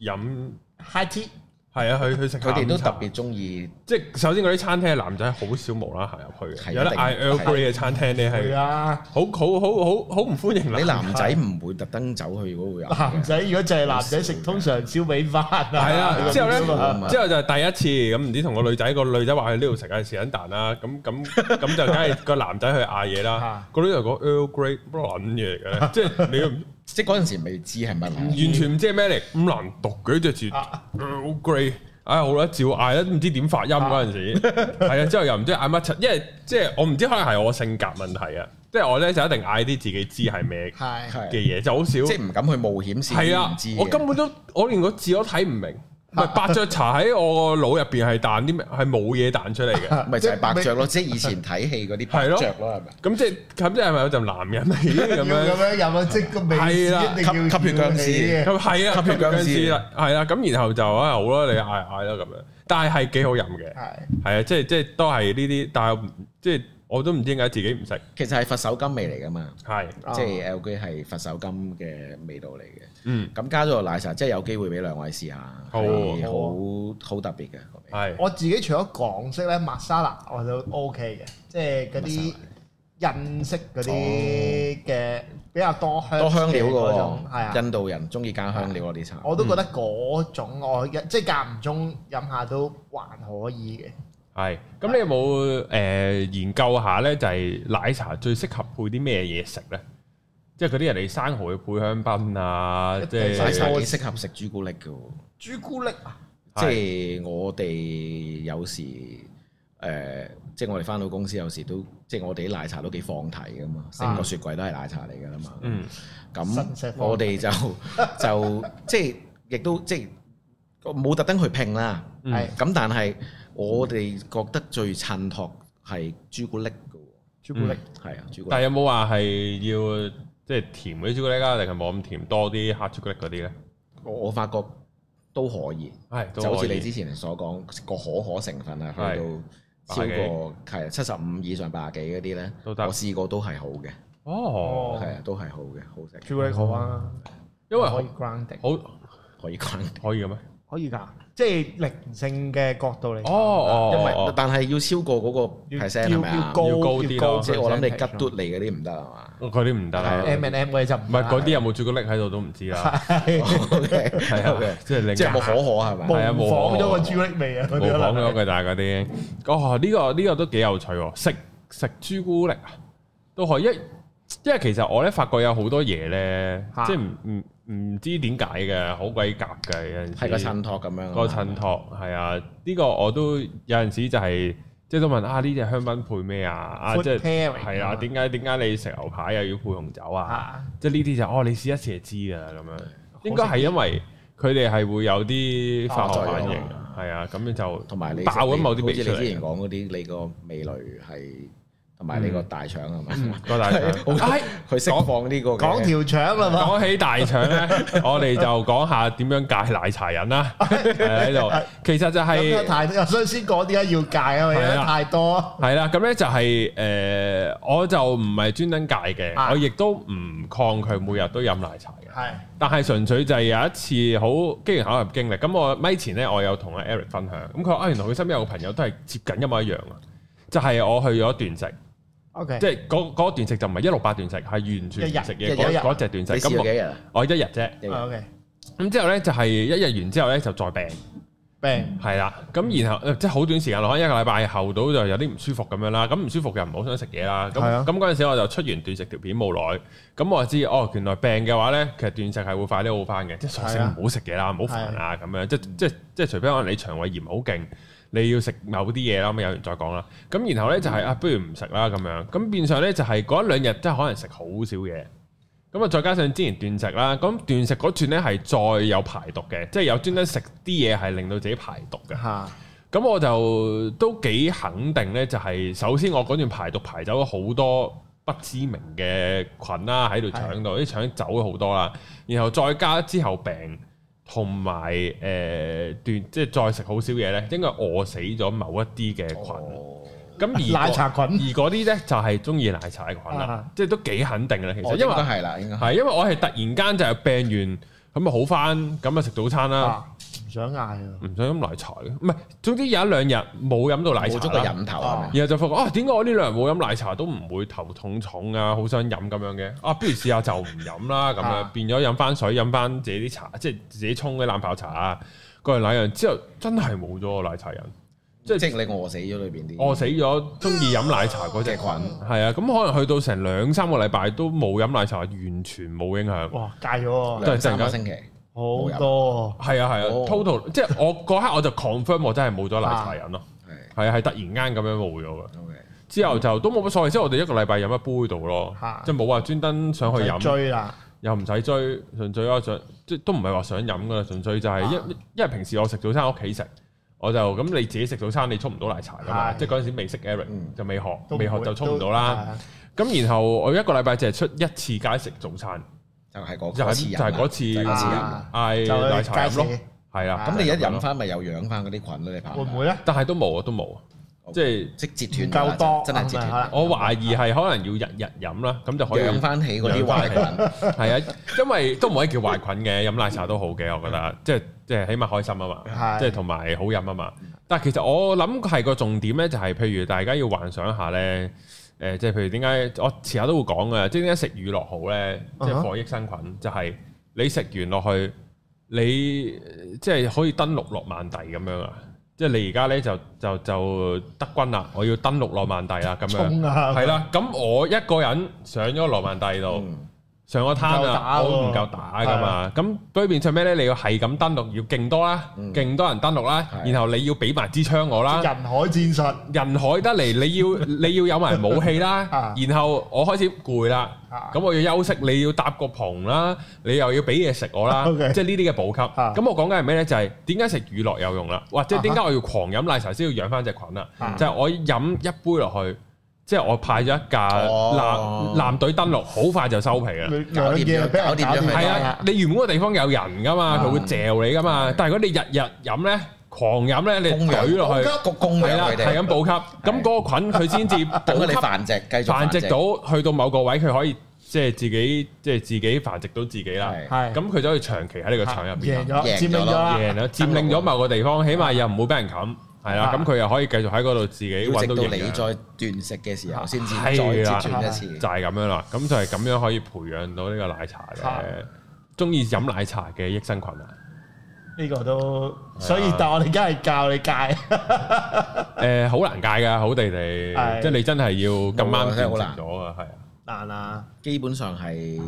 嗯、飲 high tea。係啊，佢佢食佢哋都特別中意。即係首先嗰啲餐廳男仔好少無啦啦行入去嘅，有得嗌 Earl Grey 嘅餐廳你係，啊，好好好好好唔歡迎男你男仔唔會特登走去嗰個入。如果有男仔如果就係男仔食，通常燒味飯啊。係啊，之後咧，嗯啊、之後就第一次咁，唔知同、嗰個女仔，個女仔話去呢度食緊時冷彈啦。咁咁咁就梗係個男仔去嗌嘢啦。 個女又講 Earl Grey 乜卵嘢㗎，即係你 即嗰陣時未知係乜？完全唔知係咩嚟，咁、 那個、難讀嘅。啲字、啊呃哎，好 great 唉，好啦，照嗌啦，唔知點發音嗰陣時，係啊， 之後又唔知嗌乜柒，因為即係我唔知，可能係我性格問題啊。即係 我咧就一定嗌啲自己知係咩嘅嘢，就好少即係唔敢去冒險試唔知。係啊，我根本都我連個字都睇唔明。唔 白雀伯爵茶喺我個腦入邊係彈啲，係冇嘢彈出嚟嘅，咪 就係伯爵咯。即係以前睇戲嗰啲伯爵咯，係咪 的？咁即係咁即係咪有陣男人味咁樣？咁樣有啊，即係個味一定吸血僵屍。係啊， 吸血僵屍啦，係啦。 咁然後就啊好啦，你嗌嗌啦咁樣，但係係幾好飲嘅。係啊 的，即係即係都係呢啲，但係即係我都唔知點解自己唔食。其實係佛手柑味嚟噶嘛，係即係 L G 係佛手柑嘅味道嚟嘅。嗯，咁加咗個奶茶，即、就、係、是、有機會俾兩位試下，係好好特別嘅。係是我自己除咗港式咧，抹沙拉我都 O K 嘅，即係嗰啲印式嗰啲嘅比較多香多香料嘅嗰種啊。印度人中意加香料咯，啲茶、啊、我都覺得嗰種、嗯、我即係間唔中飲下都還可以嘅。係，咁你有冇誒研究下咧？就係奶茶最適合配啲咩嘢食咧？即係嗰啲人哋生蠔去配香檳啊，即係奶茶幾適合食朱古力嘅喎。朱古力啊，即係我哋有時誒，即係我哋翻到公司有時都，即係我哋啲奶茶都幾放題嘅嘛，成個雪櫃都係奶茶嚟㗎、啊、嘛。嗯，咁我哋就就， 就即係亦都即係冇特登去拼啦。係咁、嗯，但係我哋覺得最襯托係朱古力嘅喎。朱古力係啊，朱古力。但係有冇話係要？即係甜嗰啲朱古力㗎，定係冇咁甜，多啲黑朱古力嗰啲咧？我我發覺都可以，係就好似你之前所講，個可可成分啊，去到超過係七十五以上八十幾嗰啲咧，都得。我試過都係好嘅，哦，係啊，都係好嘅，好食朱古力好啊，因為可以 grounding 好可以 grounding 可以嘅咩？可以㗎。即係靈性嘅角度嚟，哦，因為但係要超過嗰個，要要高，要高啲咯。即係我諗你吉多嚟嗰啲唔得啊嘛，嗰啲唔得。M&M 嗰啲就唔係，嗰啲有冇朱古力喺度都唔知啦。係啊，即係即係冇可可係咪？冇講咗個朱古力味啊！冇講咗佢，但係嗰啲哦，呢個呢個都幾有趣喎。食食朱古力啊，都可以，因為其實我咧發覺有好多嘢咧，即係唔唔。唔知點解嘅，好鬼夾嘅有陣時，係個襯托咁樣。個襯托係啊，呢個我都有陣時就係，即係都問啊，呢隻香檳配咩啊？啊即係係啊，點解點解你食牛排又要配紅酒啊？即係呢啲就哦，你試一次就知㗎啦咁樣。應該係因為佢哋係會有啲化學反應，係啊，咁樣就同埋你爆咗某啲味出嚟。即係你之前講嗰啲，你個味蕾係。同埋呢個大腸係嘛，個大腸，佢釋放呢個講條腸啊嘛。講起大腸咧，我哋就講下點樣戒奶茶飲啦。喺度，其實就係所以先講點解要戒啊，因為太多。係啦，咁咧就係誒，我就唔係專登戒嘅，我亦都唔抗拒每日都飲奶茶嘅。係，但係純粹就係有一次好機緣巧合經歷。咁我咪前咧，我有同阿 Eric 分享，咁佢話啊，原來佢身邊有個朋友都係接近一模一樣啊。就係我去咗斷食，即係嗰嗰斷食就唔係一六八斷食，係完全唔食嘢嗰嗰隻斷食。咁我一日啫。咁之後咧就係一日完之後咧就再病。病係啦。咁然後即係好短時間落，可能一個禮拜後到就有啲唔舒服咁樣啦。咁唔舒服嘅，唔好想食嘢啦。咁咁嗰陣時我就出完斷食條片冇耐，咁我就知哦，原來病嘅話咧，其實斷食係會快啲好返嘅，即係索性唔好食嘢啦，唔好煩啊咁樣。即即即除非可能你腸胃炎好勁。你要食某啲嘢啦，咁有人再講啦。咁然後呢、就是，就係、嗯、啊，不如唔食啦咁樣。咁變相呢，就係嗰一兩日真係可能食好少嘢。咁啊，再加上之前斷食啦。咁斷食嗰段呢，係再有排毒嘅，即、就、係、是、有專登食啲嘢係令到自己排毒嘅。嚇的！咁我就都幾肯定呢、就是，就係首先我嗰段排毒排走咗好多不知名嘅菌啦，喺度搶到啲的搶走咗好多啦。然後再加之後病。同埋誒斷，即係再食好少嘢咧，應該餓死咗某一啲嘅菌。咁、哦、而、嗰個、奶茶菌，而嗰啲咧就係中意奶茶嘅菌啦，的即係都幾肯定嘅。其實因為係啦，應該係因，為因為我係突然間就有病完，咁啊好返，咁啊食早餐啦。唔想嗌啊！唔想飲奶茶嘅，唔係，總之有一兩日冇飲到奶茶，冇咗個飲頭、啊，啊、然後就發覺啊，點解我呢兩日冇飲奶茶都唔會頭痛重啊，好想飲咁樣嘅啊，不如試下就唔飲啦，咁樣、啊、變咗飲翻水，飲翻自己啲茶，即係自己沖嘅冷泡茶啊，嗰樣奶樣之後真係冇咗個奶茶飲，即係即你餓死咗裏邊啲餓死咗，中意飲奶茶嗰隻菌係啊，咁可能去到成兩三個禮拜都冇飲奶茶，完全冇影響，哇，戒咗啊，兩三個星期。好多係啊係啊，total 即係我嗰刻我就 confirm 我真係冇咗奶茶飲咯，係係係突然間咁樣冇咗嘅。之後就都冇乜所謂，之後我哋一個禮拜飲一杯度咯，即係冇話專登想去飲，又唔使追，純粹我想即都唔係話想飲噶啦，純粹就係因因為平時我食早餐屋企食，我就咁你自己食早餐你沖唔到奶茶噶嘛，即係嗰陣時未食 Eric 就未學，未學就沖唔到啦。咁然後我一個禮拜淨係出一次街食早餐。就係嗰次，就係嗰次嗌奶茶咯，係啊！咁你一飲翻咪又養翻嗰啲菌咯，你排會唔會咧？但係都冇啊，都冇啊，即係直接斷夠多，真係我懷疑係可能要日日飲啦，咁就可以飲翻起嗰啲壞菌。係啊，因為都唔可以叫壞菌嘅，飲奶茶都好嘅，我覺得即係即係起碼開心啊嘛，即係同埋好飲啊嘛。但係其實我諗係個重點咧，就係譬如大家要幻想一下咧。誒，即係、呃就是、譬如點解我遲下都會講嘅，即係點解食魚落好咧，即係獲益生菌，就係、是 uh huh. 你食完落去，你即係、就是、可以登陸諾曼第咁樣啊！即、就、係、是、你而家咧就就就德軍啦，我要登陸諾曼第啦咁樣，係啦。咁我一個人上咗諾曼第度。嗯上個攤啊，打都唔夠打噶嘛。咁對面出咩咧？你要係咁登陸，要勁多啦，勁多人登陸啦。然後你要俾埋支槍我啦。人海戰術，人海得嚟，你要你要有埋武器啦。然後我開始攰啦，咁我要休息。你要搭個棚啦，你又要俾嘢食我啦，即係呢啲嘅補給。咁我講緊係咩咧？就係點解食乳酪有用啦，或者係點解我要狂飲奶茶先要養翻隻菌啊。就係我飲一杯落去。即係我派咗一架艦艦隊登陸，好快就收皮啦，搞掂咗，搞掂咗。係啊，你原本個地方有人噶嘛，佢會嚼你噶嘛。但係如果你日日飲咧，狂飲咧，你攞落去你啦，係咁補給，咁嗰個菌佢先至到你繁殖，繁殖到去到某個位，佢可以即係自己，即係自己繁殖到自己啦。係，咁佢就可以長期喺你個腸入邊。贏咗佔領咗，贏咗佔領咗某個地方，起碼又唔會俾人冚。係啦，咁佢又可以繼續喺嗰度自己揾到營養。到你再斷食嘅時候，先至再折轉一次。啊啊、就係、是、咁樣啦，咁就係咁樣可以培養到呢個奶茶嘅中意飲奶茶嘅益生菌啊！呢個都所以，但我哋梗係教你戒。誒、 啊，好難戒㗎，好地地，即係、啊、你真係要咁啱變成咗啊，係啊。啊但係基本上係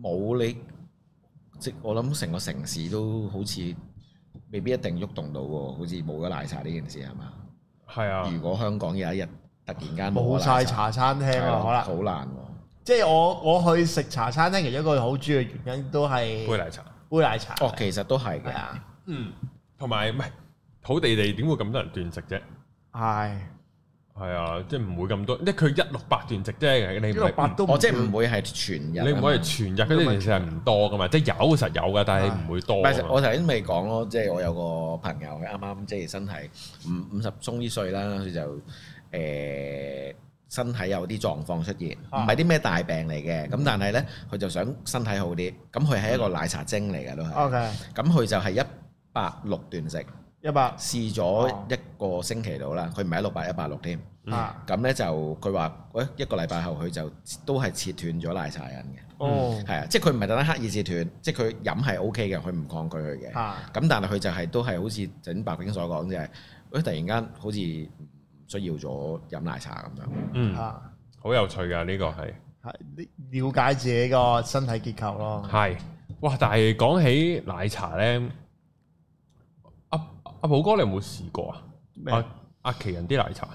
冇你，即我諗成個城市都好似。未必一定喐動到喎，好似冇咗奶茶呢件事係嘛？係啊。如果香港有一日突然間冇晒茶、茶餐廳、啊、可能好難喎、啊。即係我我去食茶餐廳，其實一個好主要嘅原因都係杯、杯奶茶。杯奶茶。哦，其實都係嘅。啊、嗯。同埋唔係，好地地點會咁多人斷食啫？係。係啊，即係唔會咁多，即係佢一六八段食，即係你唔係唔，哦，即係唔會係全日，你唔會係全日嗰啲零食係唔多噶嘛，即係有實有嘅，但係唔會多。唔係，我頭先咪講咯，即係我有個朋友，佢啱啱即係身體五五十中醫歲啦，佢就誒身體有啲狀況出現，唔係啲咩大病嚟嘅，咁但係咧佢就想身體好啲，咁佢係一個奶茶精嚟嘅都係，OK，咁佢就係一六八段食。一百 100? 試咗一個星期到啦，佢唔喺六百一百六添。咁咧、嗯、就佢話，喂，一個禮拜後佢就都係切斷咗奶茶癮嘅。哦，係啊，即係佢唔係特登刻意切斷，即係佢飲係 O K 嘅，佢唔抗拒佢嘅。咁、嗯、但係佢就係、是、都係好似整白兵所講，就係，喂，突然間好似唔需要咗飲奶茶咁樣。嗯，嚇、啊，好有趣㗎，呢、這個係係你瞭解自己個身體結構咯。係，哇！但係講起奶茶咧。阿寶哥，你有冇試過啊？阿阿奇人啲奶茶，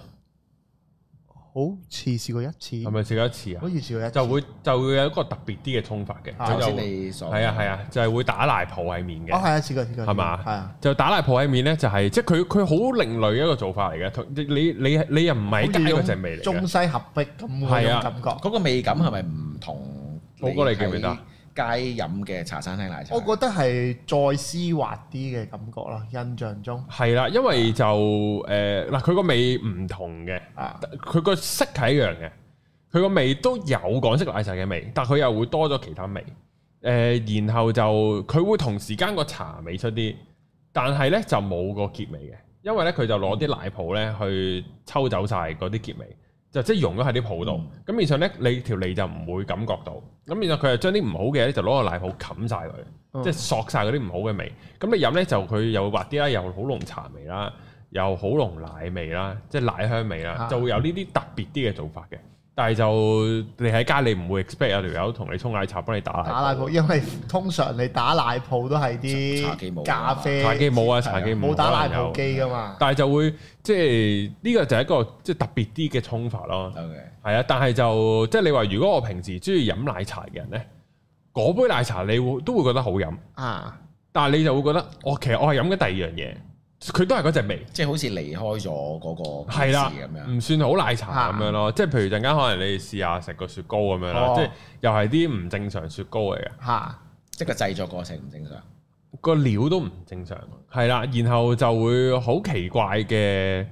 好似試過一次。係咪試過一次啊？好似試過一次，就會就會有一個特別啲嘅沖法嘅。首先啊係啊，就係會打奶泡喺面嘅。哦，係啊，試過試過。係嘛？係啊。就打奶泡喺面咧，就係即係佢佢好另類一個做法嚟嘅。你你你又唔係解呢個味嚟？中西合璧咁，係啊感覺。嗰個味感係咪唔同？阿寶哥，你記唔記得啊？街飲嘅茶餐廳奶茶，我覺得係再絲滑啲嘅感覺啦。印象中。係啦，因為就誒嗱，佢個、啊呃、味唔同嘅，佢個、啊、色係一樣嘅，佢個味都有港式奶茶嘅味，但佢又會多咗其他味。誒、呃，然後就佢會同時間個茶味出啲，但係呢就冇個結味嘅，因為呢，佢就攞啲奶泡呢去抽走晒嗰啲結味。就即係溶咗喺啲泡度，咁面相變咧，你條脷就唔會感覺到，咁、嗯嗯、然後佢係將啲唔好嘅咧就攞個奶泡冚晒佢，即係索晒嗰啲唔好嘅味，咁你飲咧就佢又滑啲啦，又好濃茶味啦，又好濃奶味啦，即係奶香味啦，就會有呢啲特別啲嘅做法嘅。啊嗯但係就你喺家你唔會 expect 有條友同你沖奶茶幫你打奶打奶泡，因為通常你打奶泡都係啲咖啡、茶記冇啊，茶記冇冇打奶泡機㗎嘛。但係就會即係呢個就係、是、一個即係特別啲嘅沖法咯。係啊 Okay.，但係就即、是、係你話，如果我平時中意飲奶茶嘅人咧，嗰杯奶茶你會都會覺得好飲啊。但係你就會覺得，我其實我係飲緊第二樣嘢。佢都係嗰隻味，即係好似離開咗嗰個係啦，咁樣唔算好奶茶咁樣咯。啊、即係譬如陣間可能你試下食個雪糕咁樣啦，啊、即係又係啲唔正常雪糕嚟嘅。吓、啊，即係個製作過程唔正常，個料都唔正常。係啦，然後就會好奇怪嘅。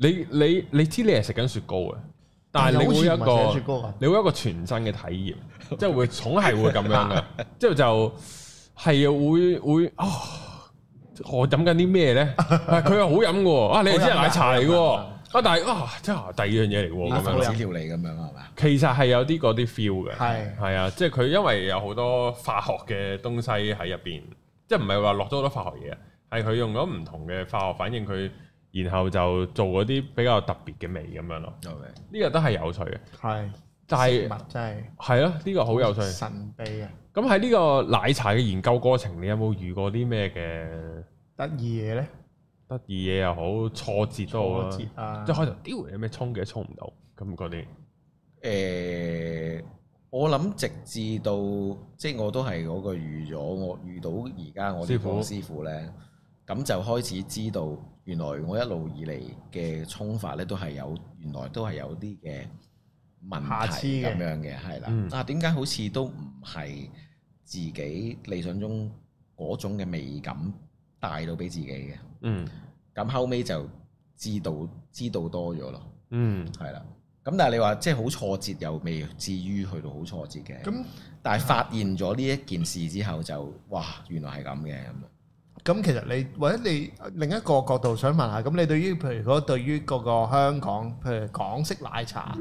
你你你知你係食緊雪糕嘅，但係你會一個雪糕你會一個全新嘅體驗，即係 會總係會咁樣嘅，即係 就係啊會會啊。會會會我飲緊啲咩咧？佢又 好飲喎，啊，你係啲奶茶嚟嘅， 啊，但係啊，真係第二樣嘢嚟喎，咁樣，小條脷咁樣係咪？其實係有啲嗰啲 feel 嘅，係係啊，即係佢因為有好多化學嘅東西喺入邊，即係唔係話落咗好多化學嘢，係佢用咗唔同嘅化學反應，佢然後就做嗰啲比較特別嘅味咁樣咯。呢 Okay. 個都係有趣嘅，係。就係，係咯，呢、啊呢個好有趣。神秘啊！咁喺呢個奶茶嘅研究過程，你有冇遇過啲咩嘅得意嘢咧？得意嘢又好，挫折都好。一開頭屌你咩沖嘅都沖唔到，咁嗰啲。誒、呃，我諗直至到，即係我都係嗰個遇咗，我遇到而家我師傅師傅咧，咁就開始知道，原來我一路以嚟嘅沖法咧都係有，原來都係有啲嘅。問題咁樣嘅係啦，啊點解好似都唔係自己理想中嗰種嘅美感帶到俾自己嘅？嗯，咁後尾就知道知道多咗咯。嗯，係啦。咁但係你話即係好挫折，又未至於去到好挫折嘅。咁、嗯、但係發現咗呢一件事之後，就哇原來係咁嘅咁。咁、嗯、其實你或者你另一個角度想問下，咁你對於譬如講對於嗰個香港，譬如港式奶茶。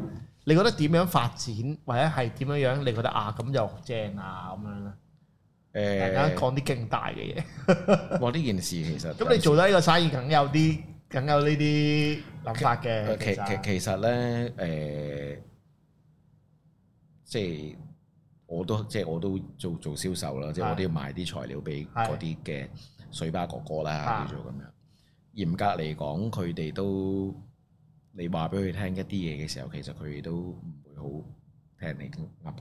你覺得點樣發展，或者係點樣樣你覺得啊咁又正啊咁樣咧？誒，大家講啲勁大嘅嘢，哇呢件事其實。咁你做咗呢個生意，梗有啲，梗有呢啲諗法嘅。其其其實咧，誒，即係我都即係我都做做銷售啦，即係我都要賣啲材料俾嗰啲嘅水巴哥哥啦，叫做咁樣。嚴格嚟講，佢哋都。你話俾佢聽一啲嘢嘅時候，其實佢都唔會好聽你噏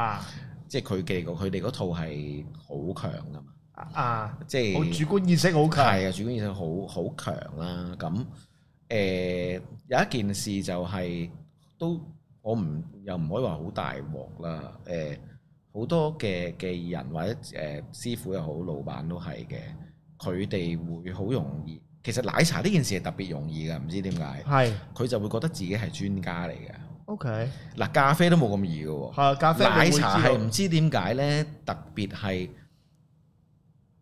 㗎，即係佢嘅個佢哋嗰套係好強㗎嘛。啊！即係、啊、是主觀意識好強。係啊，主觀意識好好的強啦。咁誒、呃、有一件事就係、是、都我唔又唔可以話好大鑊啦。誒、呃、好多嘅嘅人或者誒、呃、師傅又好，老闆都係嘅，佢哋會好容易。其實奶茶呢件事係特別容易嘅，唔知點解，係佢是就會覺得自己係專家嚟嘅。O K，嗱，咖啡都冇咁易嘅喎，係啊，咖啡奶茶係唔知點解咧，特別係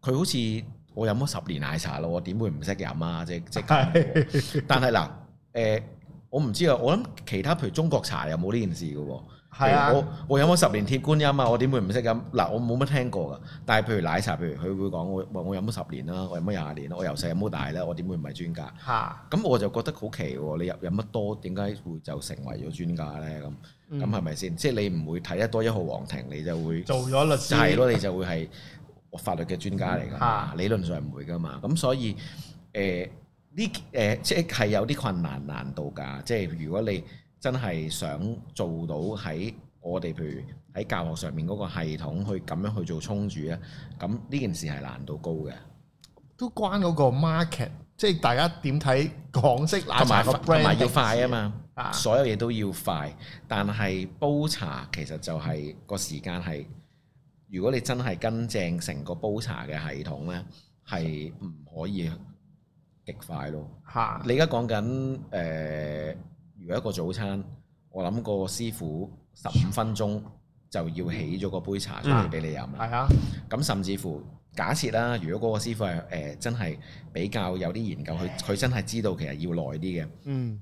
佢好似我飲咗十年奶茶咯，我點會唔識飲啊？即係即，是但係是嗱，誒我唔知啊，我諗其他譬如中國茶有冇呢件事嘅喎。係啊！我我飲咗十年鐵觀音啊！我點會唔識飲？嗱，我冇乜聽過㗎。但係譬如奶茶，譬如佢會講我我飲咗十年啦，我飲咗廿年啦，我由細飲到大啦，我點會唔係專家？嚇、啊！咁我就覺得好奇喎，你飲得多，點解會就成為咗專家咧？咁咁係咪先？即係你唔會睇得多一號皇庭，你就會做咗律師，就係咯，你就會係法律嘅專家嚟㗎。啊、理論上唔會㗎嘛。咁所以誒呢誒，即係有啲困難難度㗎。即係如果你真係想做到喺我哋，譬如喺教學上面嗰個系統，去咁樣去做沖煮咧，咁呢件事係難度高嘅。都關嗰個 market，即係大家點睇港式奶茶個 branding，同埋要快啊嘛，啊所有嘢都要快。但係煲茶其實就係個時間係，如果你真係跟正成個煲茶嘅系統呢，係唔可以極快咯。嚇、啊！你而家講緊誒？呃如果一個早餐，我諗個師傅十五分鐘就要起咗個杯茶出嚟俾你飲，係啊、嗯。咁甚至乎假設啦，如果嗰個師傅係誒真係比較有啲研究，佢佢真係知道其實要耐啲嘅，嗯，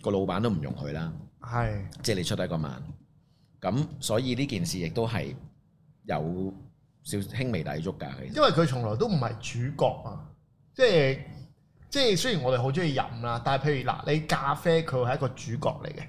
個老闆都唔容許啦，係、嗯，即係你出得個慢，咁所以呢件事亦都係有少輕微抵觸㗎。因為佢從來都唔係主角啊，即係。即係雖然我哋好中意飲啦，但係譬如嗱，你咖啡佢係一個主角嚟嘅，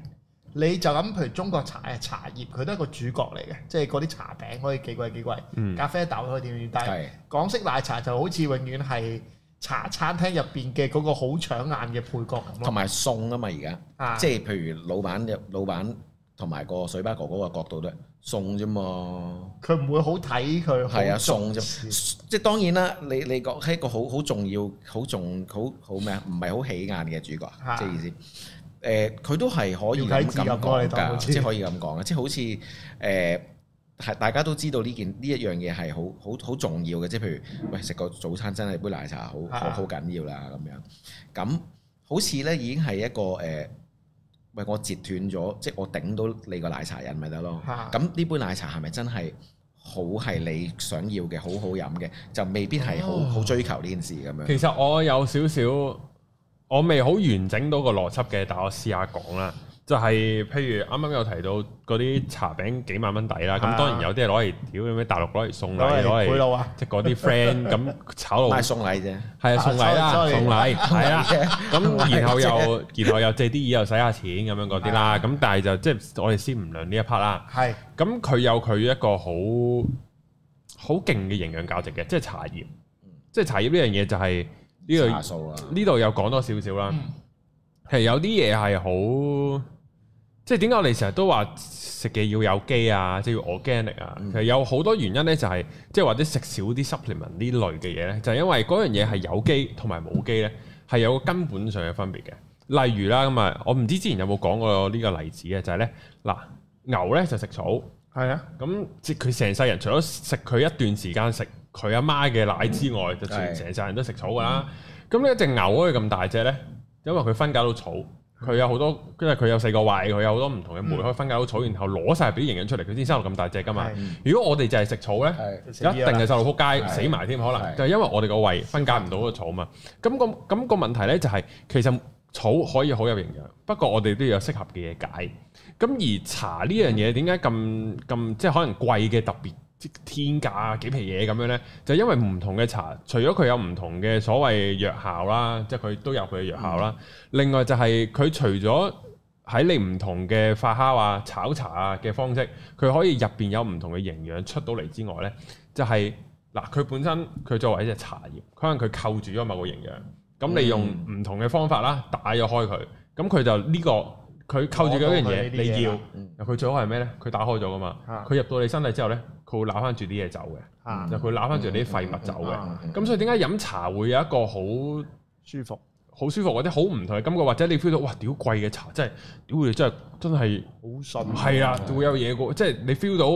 你就咁譬如中國茶葉、茶葉佢都係一個主角嚟嘅，即係嗰啲茶餅可以幾貴幾貴，嗯、咖啡豆可以點點，但係港式奶茶就好似永遠係茶餐廳入邊嘅嗰個好搶眼嘅配角咁咯。同埋餸啊嘛而家，即係譬如老闆嘅老闆同埋個水吧哥哥嘅角度都。送啫嘛，佢唔會好睇佢，係啊，送啫。即係當然啦，你你講係一個好好重要、好重、好好咩唔係好起眼嘅主角， 即係意思。誒、呃，佢都係可以咁講㗎，即係可以咁講嘅，即係好似誒係大家都知道呢件呢一樣嘢係好好好重要嘅，即係譬如喂食個早餐真係杯奶茶好好緊要啦咁樣。咁、嗯嗯、好似咧已經係一個誒。嗯喂，我截斷咗，即係我頂到你個奶茶飲咪得咯。咁呢、啊、杯奶茶係咪真係好係你想要嘅，好好飲嘅，就未必係好好、哦、追求呢件事咁樣。其實我有少少，我未好完整到個邏輯嘅，但我試下講啦。就係譬如啱啱有提到嗰啲茶餅幾萬蚊底啦，咁當然有啲係攞嚟屌咩大陸攞嚟送禮攞嚟賄賂啊，即係嗰啲 friend 咁炒到，送禮啫，係啊，送禮啦，送禮係啊，咁然後又然後又借啲嘢又使下錢咁樣嗰啲啦，咁但係就即係我哋先唔論呢一 part 啦。係，咁佢有佢一個好好勁嘅營養價值嘅，即係茶葉，即係茶葉呢樣嘢就係呢度，呢度又講多少少啦，其實有啲嘢係好。即係點解我哋成日都話食嘅要有機啊，即係要 organic 啊？其實有好多原因咧、就是，就係即係或者食少啲 supplement 呢類嘅嘢咧，就因為嗰樣嘢係有機同埋冇機咧，係有個根本上嘅分別嘅。例如啦，咁、嗯、啊，我唔知之前有冇講過呢個例子嘅，就係、是、咧，嗱牛咧就食草，係啊的，咁即佢成世人除咗食佢一段時間食佢阿媽嘅奶之外，就全成的世人都食草噶啦。咁的呢一隻牛可以咁大隻咧，因為佢分解到草。佢有好多，因為佢有四個胃，佢有好多唔同嘅酶可以分解到草，嗯、然後攞晒畀啲營養出嚟，佢先生到咁大隻噶嘛。嗯、如果我哋淨係食草咧，是一定係瘦到撲街死埋了添，可能就因為我哋個胃分解唔到個草嘛。咁、個咁、個問題咧就係、是，其實草可以好有營養，不過我哋都要有適合嘅嘢解。咁而茶呢樣嘢點解咁咁即係可能貴嘅特別？即天價啊，幾皮嘢咁樣咧，就係、因為唔同嘅茶，除咗佢有唔同嘅所謂藥效啦，即佢都有佢嘅藥效啦。嗯、另外就係佢除咗喺你唔同嘅發酵啊、炒茶啊嘅方式，佢可以入邊有唔同嘅營養出到嚟之外咧，就係嗱，佢本身佢作為一隻茶葉，可能佢扣住咗某個營養，咁、嗯、你用唔同嘅方法啦打咗開佢，咁佢就呢、呢個佢扣住嘅嗰樣嘢你要，佢、嗯、最好係咩咧？佢打開咗噶嘛，佢入到你身體之後咧。佢會攬翻住啲嘢走嘅，啊、就佢攬翻住啲廢物走嘅。咁所以點解飲茶會有一個好舒服好舒服或者好唔同嘅感覺，或者你 feel 到哇，屌貴嘅茶真係，屌的你真係真係好順，係啦會有嘢嘅，即係你 feel 到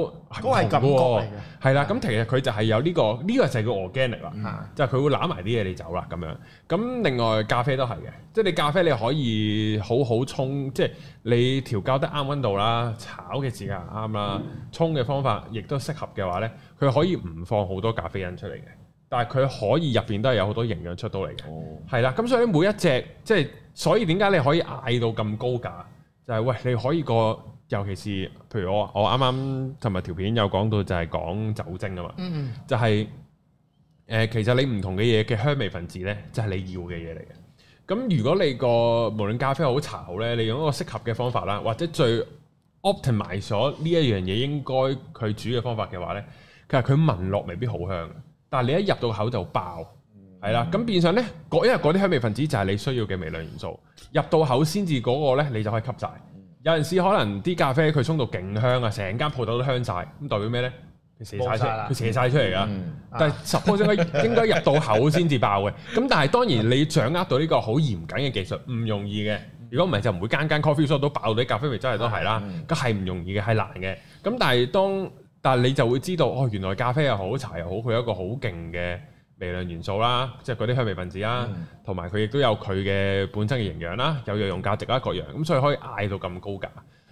都係感覺嚟嘅，係啦。咁其實佢就係有呢個，呢個就係叫 organic 啦，即係佢會攬埋啲嘢你走啦咁樣。咁另外咖啡都係嘅，即係你咖啡你可以好好沖，即係你調校得啱温度啦，炒嘅時間啱啦，沖嘅方法亦都適合嘅話咧，佢可以唔放好多咖啡因出嚟嘅。但係佢可以入邊都係有好多營養出到嚟嘅，係啦、哦。咁所以每一隻即係，所以點解你可以嗌到咁高價？就係、是、喂，你可以個尤其是譬如我我啱啱尋日條片有講到就係講酒精啊嘛，嗯嗯就係、是呃、其實你唔同嘅嘢嘅香味分子呢，就係、是、你要嘅嘢嚟嘅。咁如果你個無論咖啡好茶好呢，你用一個適合嘅方法啦，或者最 optimal 咗呢一樣嘢應該佢煮嘅方法嘅話呢，其實佢聞落未必好香。但係你一入到口就爆，係啦，咁變相咧，嗰因為嗰啲香味分子就係你需要嘅微量元素，入到口先至嗰個咧，你就可以吸晒。有陣時可能啲咖啡佢衝到勁香，香、嗯嗯、啊，成間鋪頭都香晒。咁代表咩咧？佢射晒出嚟，佢射晒出嚟㗎。但係十 percent 應該入到口先至爆嘅。咁 但係當然你掌握到呢個好嚴謹嘅技術唔容易嘅。如果唔係就唔會間間 coffee shop 都爆到啲咖啡味真，真係都係啦。咁係唔容易嘅，係難嘅。咁但係當但係你就會知道，哦，原來咖啡又好，茶又好，佢有一個好勁嘅微量元素啦，即係嗰啲香味分子啦，同埋佢亦都有佢嘅本身嘅營養啦，有藥用價值啊各樣，咁所以可以嗌到咁高價。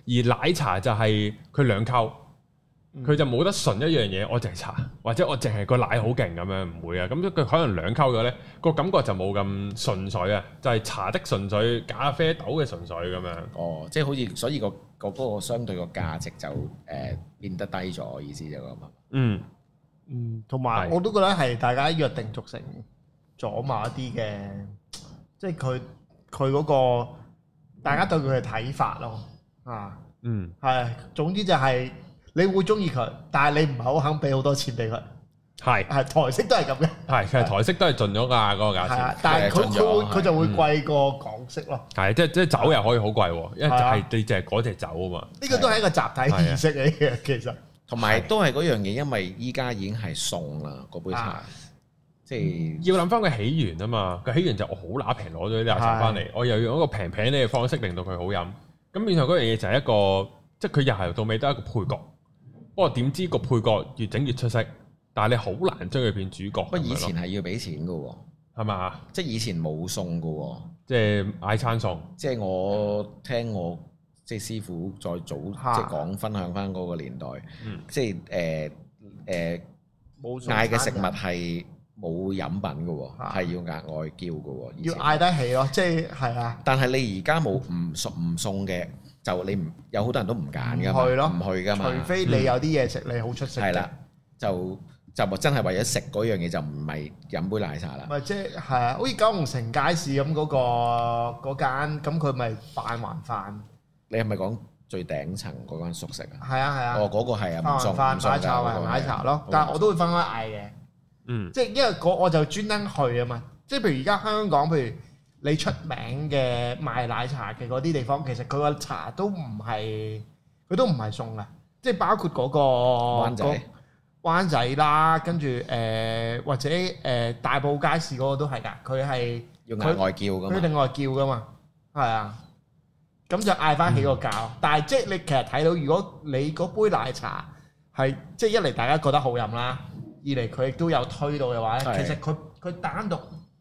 而奶茶就係佢兩溝。佢就冇得純一樣嘢，我淨係茶，或者我淨係個奶好勁咁樣，唔會啊。咁佢可能兩溝嘅呢，個感覺就冇咁純粹啊，就係、是、茶的純粹，咖啡豆嘅純粹咁樣。哦，即係好似所以個個嗰個相對個價值就誒變得低咗，意思就咁。嗯嗯，同埋、嗯、是我都覺得係大家約定俗成左碼啲嘅，即係佢佢嗰個大家對佢嘅睇法咯啊。嗯，係，總之就係、是。你會中意佢，但係你唔好肯俾好多錢俾佢。係係台式都係咁嘅，係其實台式都係盡咗㗎嗰個價錢。但係佢佢就會貴過港式咯。係即即酒又可以好貴，因為係對就係嗰隻酒啊嘛。呢個都係一個集體意識嚟嘅，其實同埋都係嗰樣嘢，因為依家已經係送啦嗰杯茶。即係要諗翻個起源啊嘛，個起源就我好乸平攞咗呢廿層翻嚟，我又要用一個平平嘅方式令到佢好飲。咁變相嗰樣嘢就係一個，即係佢由頭到尾都係一個配角。不過點知個配角越整越出色，但係你好難將佢變主角。不過以前係要俾錢噶，係嘛吧？即係以前冇送噶，嗯、即係嗌餐送。即係、嗯、我聽我即係師傅再早哈即係講分享翻嗰個年代，哈即係誒誒嗌嘅食物係冇飲品噶，係哈要額外叫噶。要嗌得起咯，哦，即係係啊。但係你而家冇唔送唔送嘅。就你唔有好多人都唔揀㗎嘛，去囉，唔去㗎嘛，除非你有啲嘢食你好出色。係啦，就就真係為咗食嗰樣嘢就唔係飲杯奶茶啦。咪即係係啊，好似九龍城街市咁嗰個嗰間咁佢咪飯還飯。你係咪講最頂層嗰間熟食啊？係啊係啊。哦，嗰個係啊，飯還飯奶茶還奶茶咯，但係我都會分開嗌嘅。嗯。即係因為嗰我就專登去啊嘛，即係譬如而家香港譬如。你出名嘅賣奶茶嘅嗰啲地方，其實佢個茶都唔係，佢都唔係送噶，即係包括嗰、那個、仔個灣仔、灣仔啦，跟住誒或者誒、呃、大埔街市嗰個都係噶，佢係佢外叫噶嘛，佢另外叫噶嘛，係啊，咁就嗌翻起個價。嗯、但係即係你其實睇到，如果你嗰杯奶茶係即係一嚟大家覺得好飲啦，二嚟佢亦都有推到嘅話咧，的其實佢佢單獨。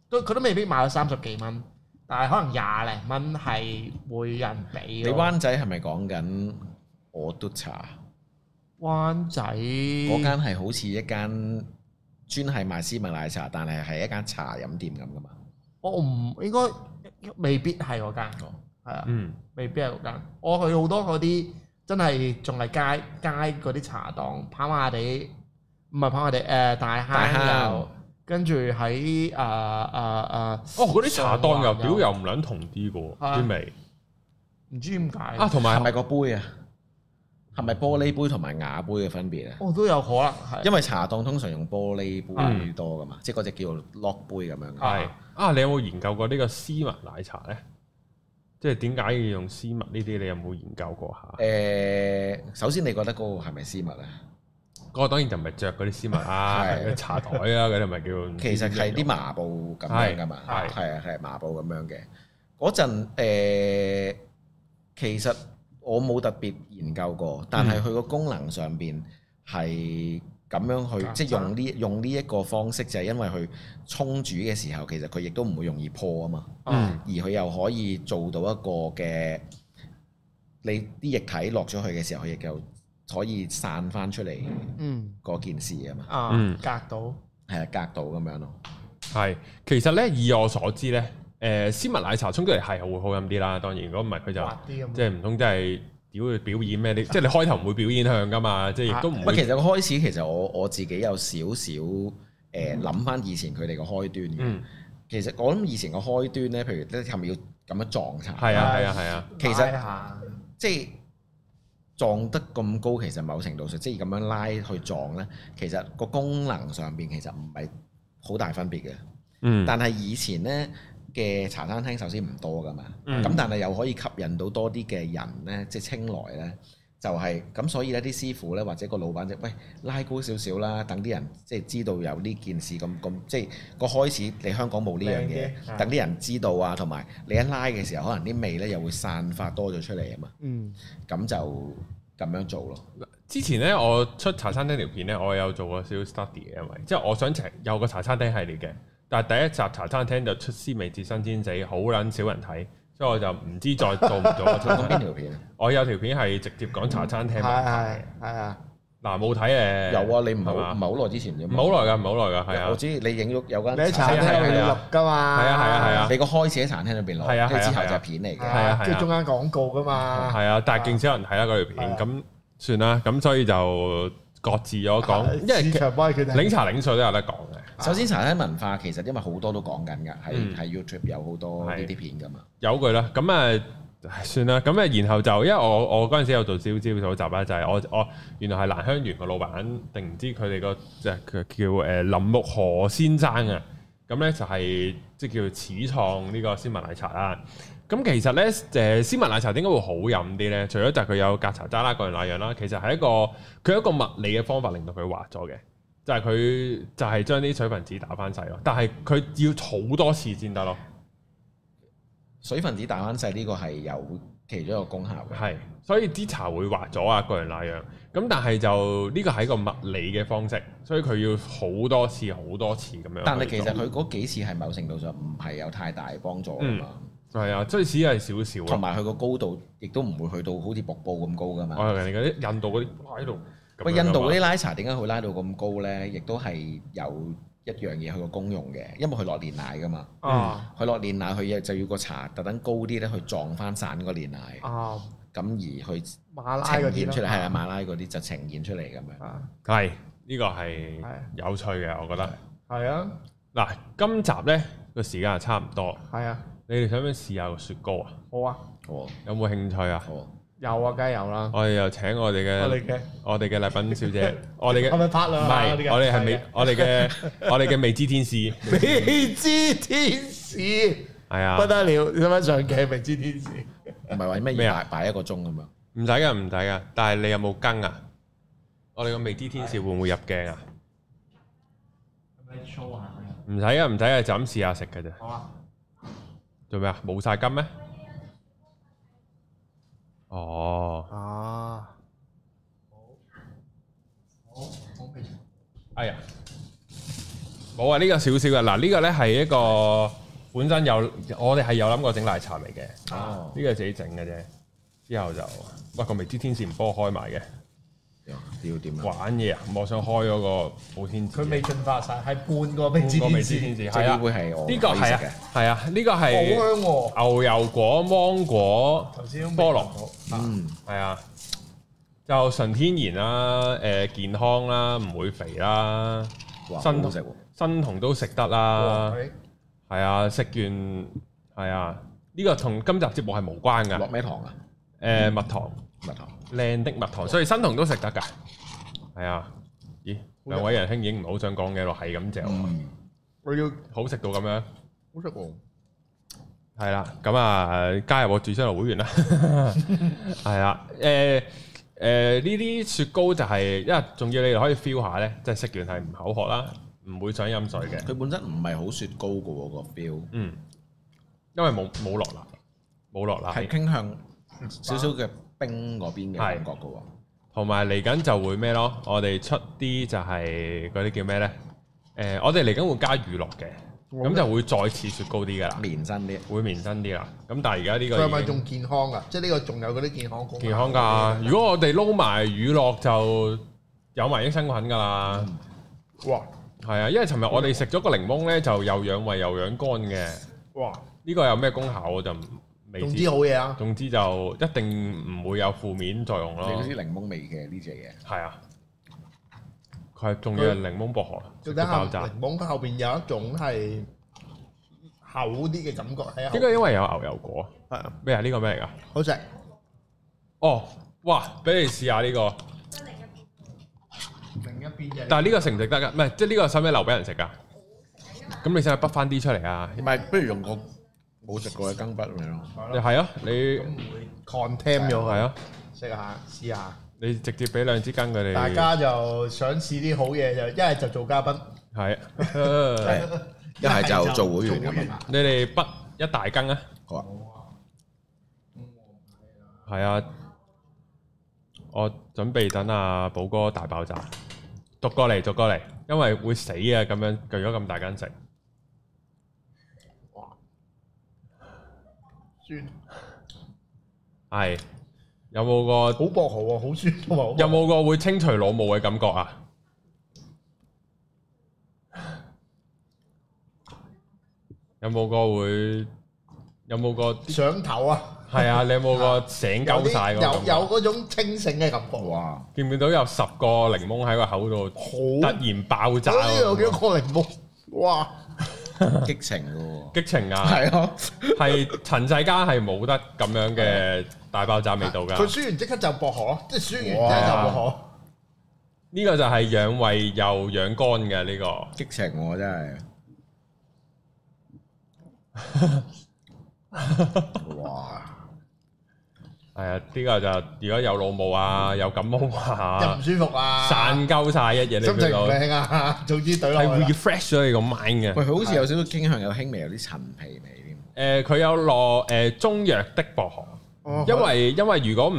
都佢都未必賣到三十幾蚊，但係可能廿零蚊係每人俾嘅。你灣仔係咪講緊我督茶？灣仔嗰間係好似一間專係賣絲襪奶茶，但係係一間茶飲店咁㗎嘛？我唔應該未必係嗰間喎，係啊，未必係嗰間。我去好多嗰啲真係仲係街街嗰啲茶檔，跑下地，唔係跑下地，誒、呃、大坑。跟住喺啊啊啊！啊啊哦，嗰啲茶檔又表又唔兩同啲嘅啲味，唔知點解啊？同埋係咪個杯啊？係咪、啊、玻璃杯同埋瓦杯嘅分別啊？我、哦、都有可能啦，因為茶檔通常用玻璃杯多噶嘛，嗯、即係嗰隻叫做落杯咁樣。係啊，你有冇研究過呢個絲襪奶茶咧？即係點解要用絲襪呢啲？你有冇研究過下？誒、啊，首先你覺得嗰個係咪絲襪啊？我、哦、當然就唔係着嗰啲絲襪啊，啲 茶台啊嗰啲咪叫其是、呃。其實係啲麻布咁樣噶嘛，係係麻布咁樣嘅。嗰陣其實我冇特別研究過，但係佢個功能上邊係咁樣去，嗯、即係用呢用呢一個方式，就係因為佢沖煮嘅時候，其實佢亦都唔會容易破啊嘛。嗯，而佢又可以做到一個嘅，你啲液體落咗去嘅時候，佢亦就，可以散翻出嚟，嗯，嗰件事啊嘛，嗯，隔到，係啊，隔到咁樣咯，係。其實咧，以我所知咧，誒絲襪奶茶沖出嚟係會好飲啲啦。當然，如果唔係佢就即係唔通即係屌佢表演咩？你即係你開頭唔會表演向噶嘛？即係亦都唔會，其實個開始其實我我自己有少少誒諗翻以前佢哋個開端嘅。其實我諗以前個開端咧，譬如咧係咪要咁樣撞茶？係啊係啊係啊。其實即係。撞得咁高，其實某程度上，即係咁樣拉去撞呢，其實個功能上面其實唔係好大分別嘅。嗯，但係以前呢嘅茶餐廳首先唔多㗎嘛，咁、嗯、但係又可以吸引到多啲嘅人呢，即係青睞呢。就係咁，所以呢啲師傅呢，或者個老闆就喂，拉高少少啦，等啲人即係知道有呢件事咁咁，即係個開始你香港冇呢樣嘢，等啲人知道啊，同埋你一拉嘅時候，可能啲味呢又會散發多咗出嚟啊嘛。嗯，咁就咁樣做咯。之前呢，我出茶餐廳條片呢，我有做過少少 study 嘅，因為即係我想呈有個茶餐廳系列嘅，但係第一集茶餐廳就出鮮味至新天地，好撚少人睇。所以我就唔知再做唔做。講邊條片？我有條片係直接講茶餐廳。係係係啊！嗱，冇睇誒。有啊，你唔係嘛？唔係好耐之前唔好耐㗎，唔好耐㗎，係啊。我知你影咗有間茶餐廳喺度錄㗎嘛。係啊係啊係啊！你個開始喺茶餐廳嗰邊錄，啊，係之後就片嚟嘅。係啊，即係中間廣告㗎嘛。係啊，但係勁少人睇啊嗰條片，咁算啦。咁所以就各自我講，因為市場幫佢哋檸茶檸水都有得講。首先茶飲文化其實因為好多都講緊㗎，喺喺、嗯、YouTube 有好多呢啲片㗎是嘛。有佢啦，咁誒算啦，咁誒然後就因為我我嗰陣時有做招招組集啦，就係、是、我我原來係蘭香園個老闆，定唔知佢哋個即係叫誒林木河先生啊。咁咧就係即係叫始創呢個絲襪奶茶啦。咁其實咧誒絲襪奶茶點解會好飲啲咧？除咗就佢有隔茶渣啦，嗰樣奶樣啦，其實係一個佢有一個物理嘅方法令到佢滑咗嘅。就係佢，就係將啲水分子打翻細咯。但係佢要好多次先得咯。水分子打翻細呢個係有其中一個功效嘅。係，所以啲茶會滑咗啊，個人那樣。咁但係就呢個係一個物理嘅方式，所以佢要好多次、好多次咁樣。但係其實佢嗰幾次係某程度上唔係有太大幫助㗎嘛。係、嗯、啊，即使係少少，同埋佢個高度亦都唔會去到好似瀑布咁高㗎嘛。啲印度嗰啲喺度。印度啲拉茶點解會拉到咁高咧？亦都係有一樣嘢佢個功用嘅，因為佢落煉奶噶嘛。嗯。佢落煉奶，佢就要個茶特登高啲咧，去撞翻散嗰煉奶。哦。咁而去呈現出嚟，係啊，馬拉嗰啲就呈現出嚟咁樣。啊。係，呢個係有趣嘅，我覺得。係啊。嗱，今集咧個時間係差唔多。係啊。你哋想唔想試下個雪糕啊？好啊。好。有冇興趣啊？好。有啊，梗係有啦！我哋又請我哋嘅我哋嘅禮品小姐，我哋嘅係咪拍唔係，我哋係未，我哋嘅我哋嘅未知天使，未知天使係啊，不得了！你睇下上鏡未知天使，唔係話咩咩要擺一個鐘咁樣？唔使噶，唔使噶。但係你有冇金啊？我哋個未知天使會唔會入鏡啊？唔使噶，唔使噶，就咁試下食嘅啫。好啊。做咩啊？冇晒金咩？哦啊！好，好好，俾你。哎呀，冇啊！這個小小這個，呢個少少嘅。嗱呢個咧，係一個本身有，我哋係有諗過整奶茶嚟嘅。哦，呢個係自己整嘅啫。之後就，喂，個未知天線唔幫我開埋嘅。要點玩嘢啊！我想開嗰個保鮮紙，佢未進化晒，係半個未知天子，係啊，呢個係我呢個係啊，呢個係牛油果、芒果、菠蘿，嗯，係啊，就純天然啦，誒，健康啦，唔會肥啦，新同新同都食得啦，係啊，食完係啊，呢個同今集節目係無關噶，落咩糖啊？誒，蜜糖，蜜糖。靚的蜜糖，所以新童都食得噶，係啊！咦，兩位仁兄已經唔好想講嘅咯，係咁就我要好食到咁樣，好食喎！係啦，咁啊加入我最新浪會員啦，係啦，誒誒呢啲雪糕就係一仲要，你又可以 feel 下咧，即係食完係唔口渴啦，唔會想飲水嘅。佢本身唔係好雪糕噶個 feel，嗯，因為冇冇落奶，冇落奶係傾向少少嘅。冰嗰邊嘅感覺噶喎，同埋嚟緊就會咩咯？我哋出啲就係嗰啲叫咩咧？誒、呃，我哋嚟緊會加乳酪嘅，咁就會再次雪糕啲噶啦，綿身啲，會綿身啲啦。咁但係而家呢個係咪仲健康噶？即係呢個仲有嗰啲健康功能功能。健康㗎，如果我哋撈埋乳酪就有埋益生菌㗎啦。哇，係啊，因為尋日我哋食咗個檸檬咧，就又養胃又養肝嘅。哇，呢個有咩功效我就唔～總之好嘢啊！總之就一定唔會有負面作用咯。嚟啲檸檬味嘅呢隻嘢。係啊，佢仲有檸檬薄荷。仲睇下檸檬後邊有一種係厚啲嘅感覺喺。呢個因為有牛油果。咩啊？呢個咩嚟㗎？好食。哦，哇！俾你試下呢個。另一邊嘅。但係呢個食唔食得㗎？唔係，即係呢個使唔使留俾人食㗎？咁你使唔使剝翻啲出嚟啊？唔係，不如用個。好食過嘅羹筆嚟咯，你係啊，你會 contain 咗係啊，食下試下。你直接俾兩支羹佢哋，大家就想試啲好嘢就一係就做嘉賓，係，一係就做會員咁啊。你哋筆一大羹啊，好啊，係啊，我準備等阿寶哥大爆炸，逐過嚟逐過嚟，因為會死啊！咁樣嚼咗咁大羹食。酸，係有冇個好薄荷喎，好酸，同埋有冇個會清除腦霧嘅感覺啊？有冇個會？有冇個上頭啊？係啊！你有冇個醒鳩晒個？有有嗰種清醒嘅感覺哇！見唔見到有十個檸檬喺個口度，突然爆炸啊！有幾多個檸檬？哇！激情嘅。激情啊！係啊，係陳世佳係冇得咁樣嘅大爆炸味道噶、啊。佢輸、啊、完即刻就薄荷即係輸完即刻就薄荷。呢哇 個就係養胃又養肝嘅呢個激情我、啊、真係。 哇係啊，呢個就如果有老母啊，有感冒啊，又唔舒服啊，散鳩晒一嘢咧，心情唔靚啊，總之懟落去係 refresh 咗你個 mind 嘅。佢好似有少少傾向有輕微有啲陳皮味誒，佢有落誒中藥的薄荷，因為因為如果唔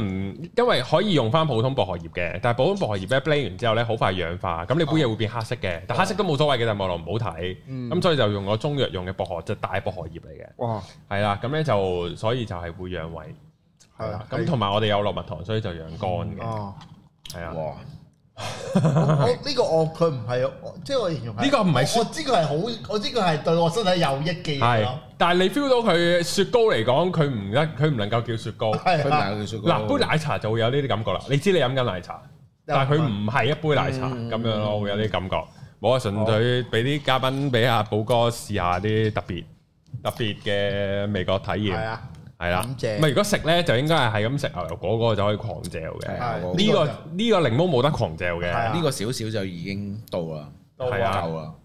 因為可以用翻普通薄荷葉嘅，但係普通薄荷葉咧 blend 完之後咧好快氧化，咁你杯嘢會變黑色嘅，但黑色都冇所謂嘅，但係望落唔好睇。咁所以就用個中藥用嘅薄荷，就大薄荷葉嚟嘅。哇，係啦，咁咧就所以就係會養胃。係啦，咁同埋我哋有落蜜糖，所以就養肝嘅。哦，係啊。啊啊哇我呢、這個我佢唔係，即係我形容。呢個唔係，我知佢係好，我知佢係對我身體有益嘅。係、啊，啊、但係你 feel 到佢雪糕嚟講，佢唔一，佢唔能夠叫雪糕。係、啊，嗱、啊、杯奶茶就會有呢啲感覺啦。你知你飲緊奶茶，但係佢唔係一杯奶茶咁、嗯、樣咯，嗯嗯、會有啲感覺。我純粹俾啲嘉賓俾阿寶哥試下啲特別特別嘅味覺體驗。係、嗯、啊。係啦正，唔係如果食咧，就應該係係咁食牛油果嗰個就可以狂嚼嘅。呢的個呢個檸檬冇得狂嚼嘅，呢的個少少就已經到啦。係啊，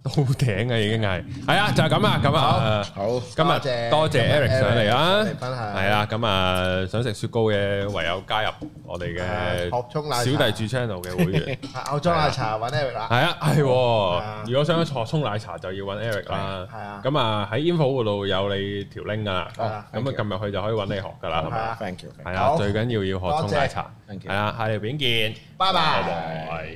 好頂啊，已經係，係啊，就係咁啊，咁啊，好，好，今日多謝 Eric 上嚟啊，嚟分享，係啊，咁啊，想食雪糕嘅唯有加入我哋嘅，學沖奶茶，小弟主 channel 嘅會員，學沖奶茶揾 Eric 啦，係啊，係，如果想學沖奶茶就要揾 Eric 啦，係啊，咁啊喺 info 嗰度有你條 link 啊，咁啊撳入去就可以揾你學噶啦，係嘛，thank you，係啊，最緊要要學沖奶茶，係啊，下條片見，拜拜。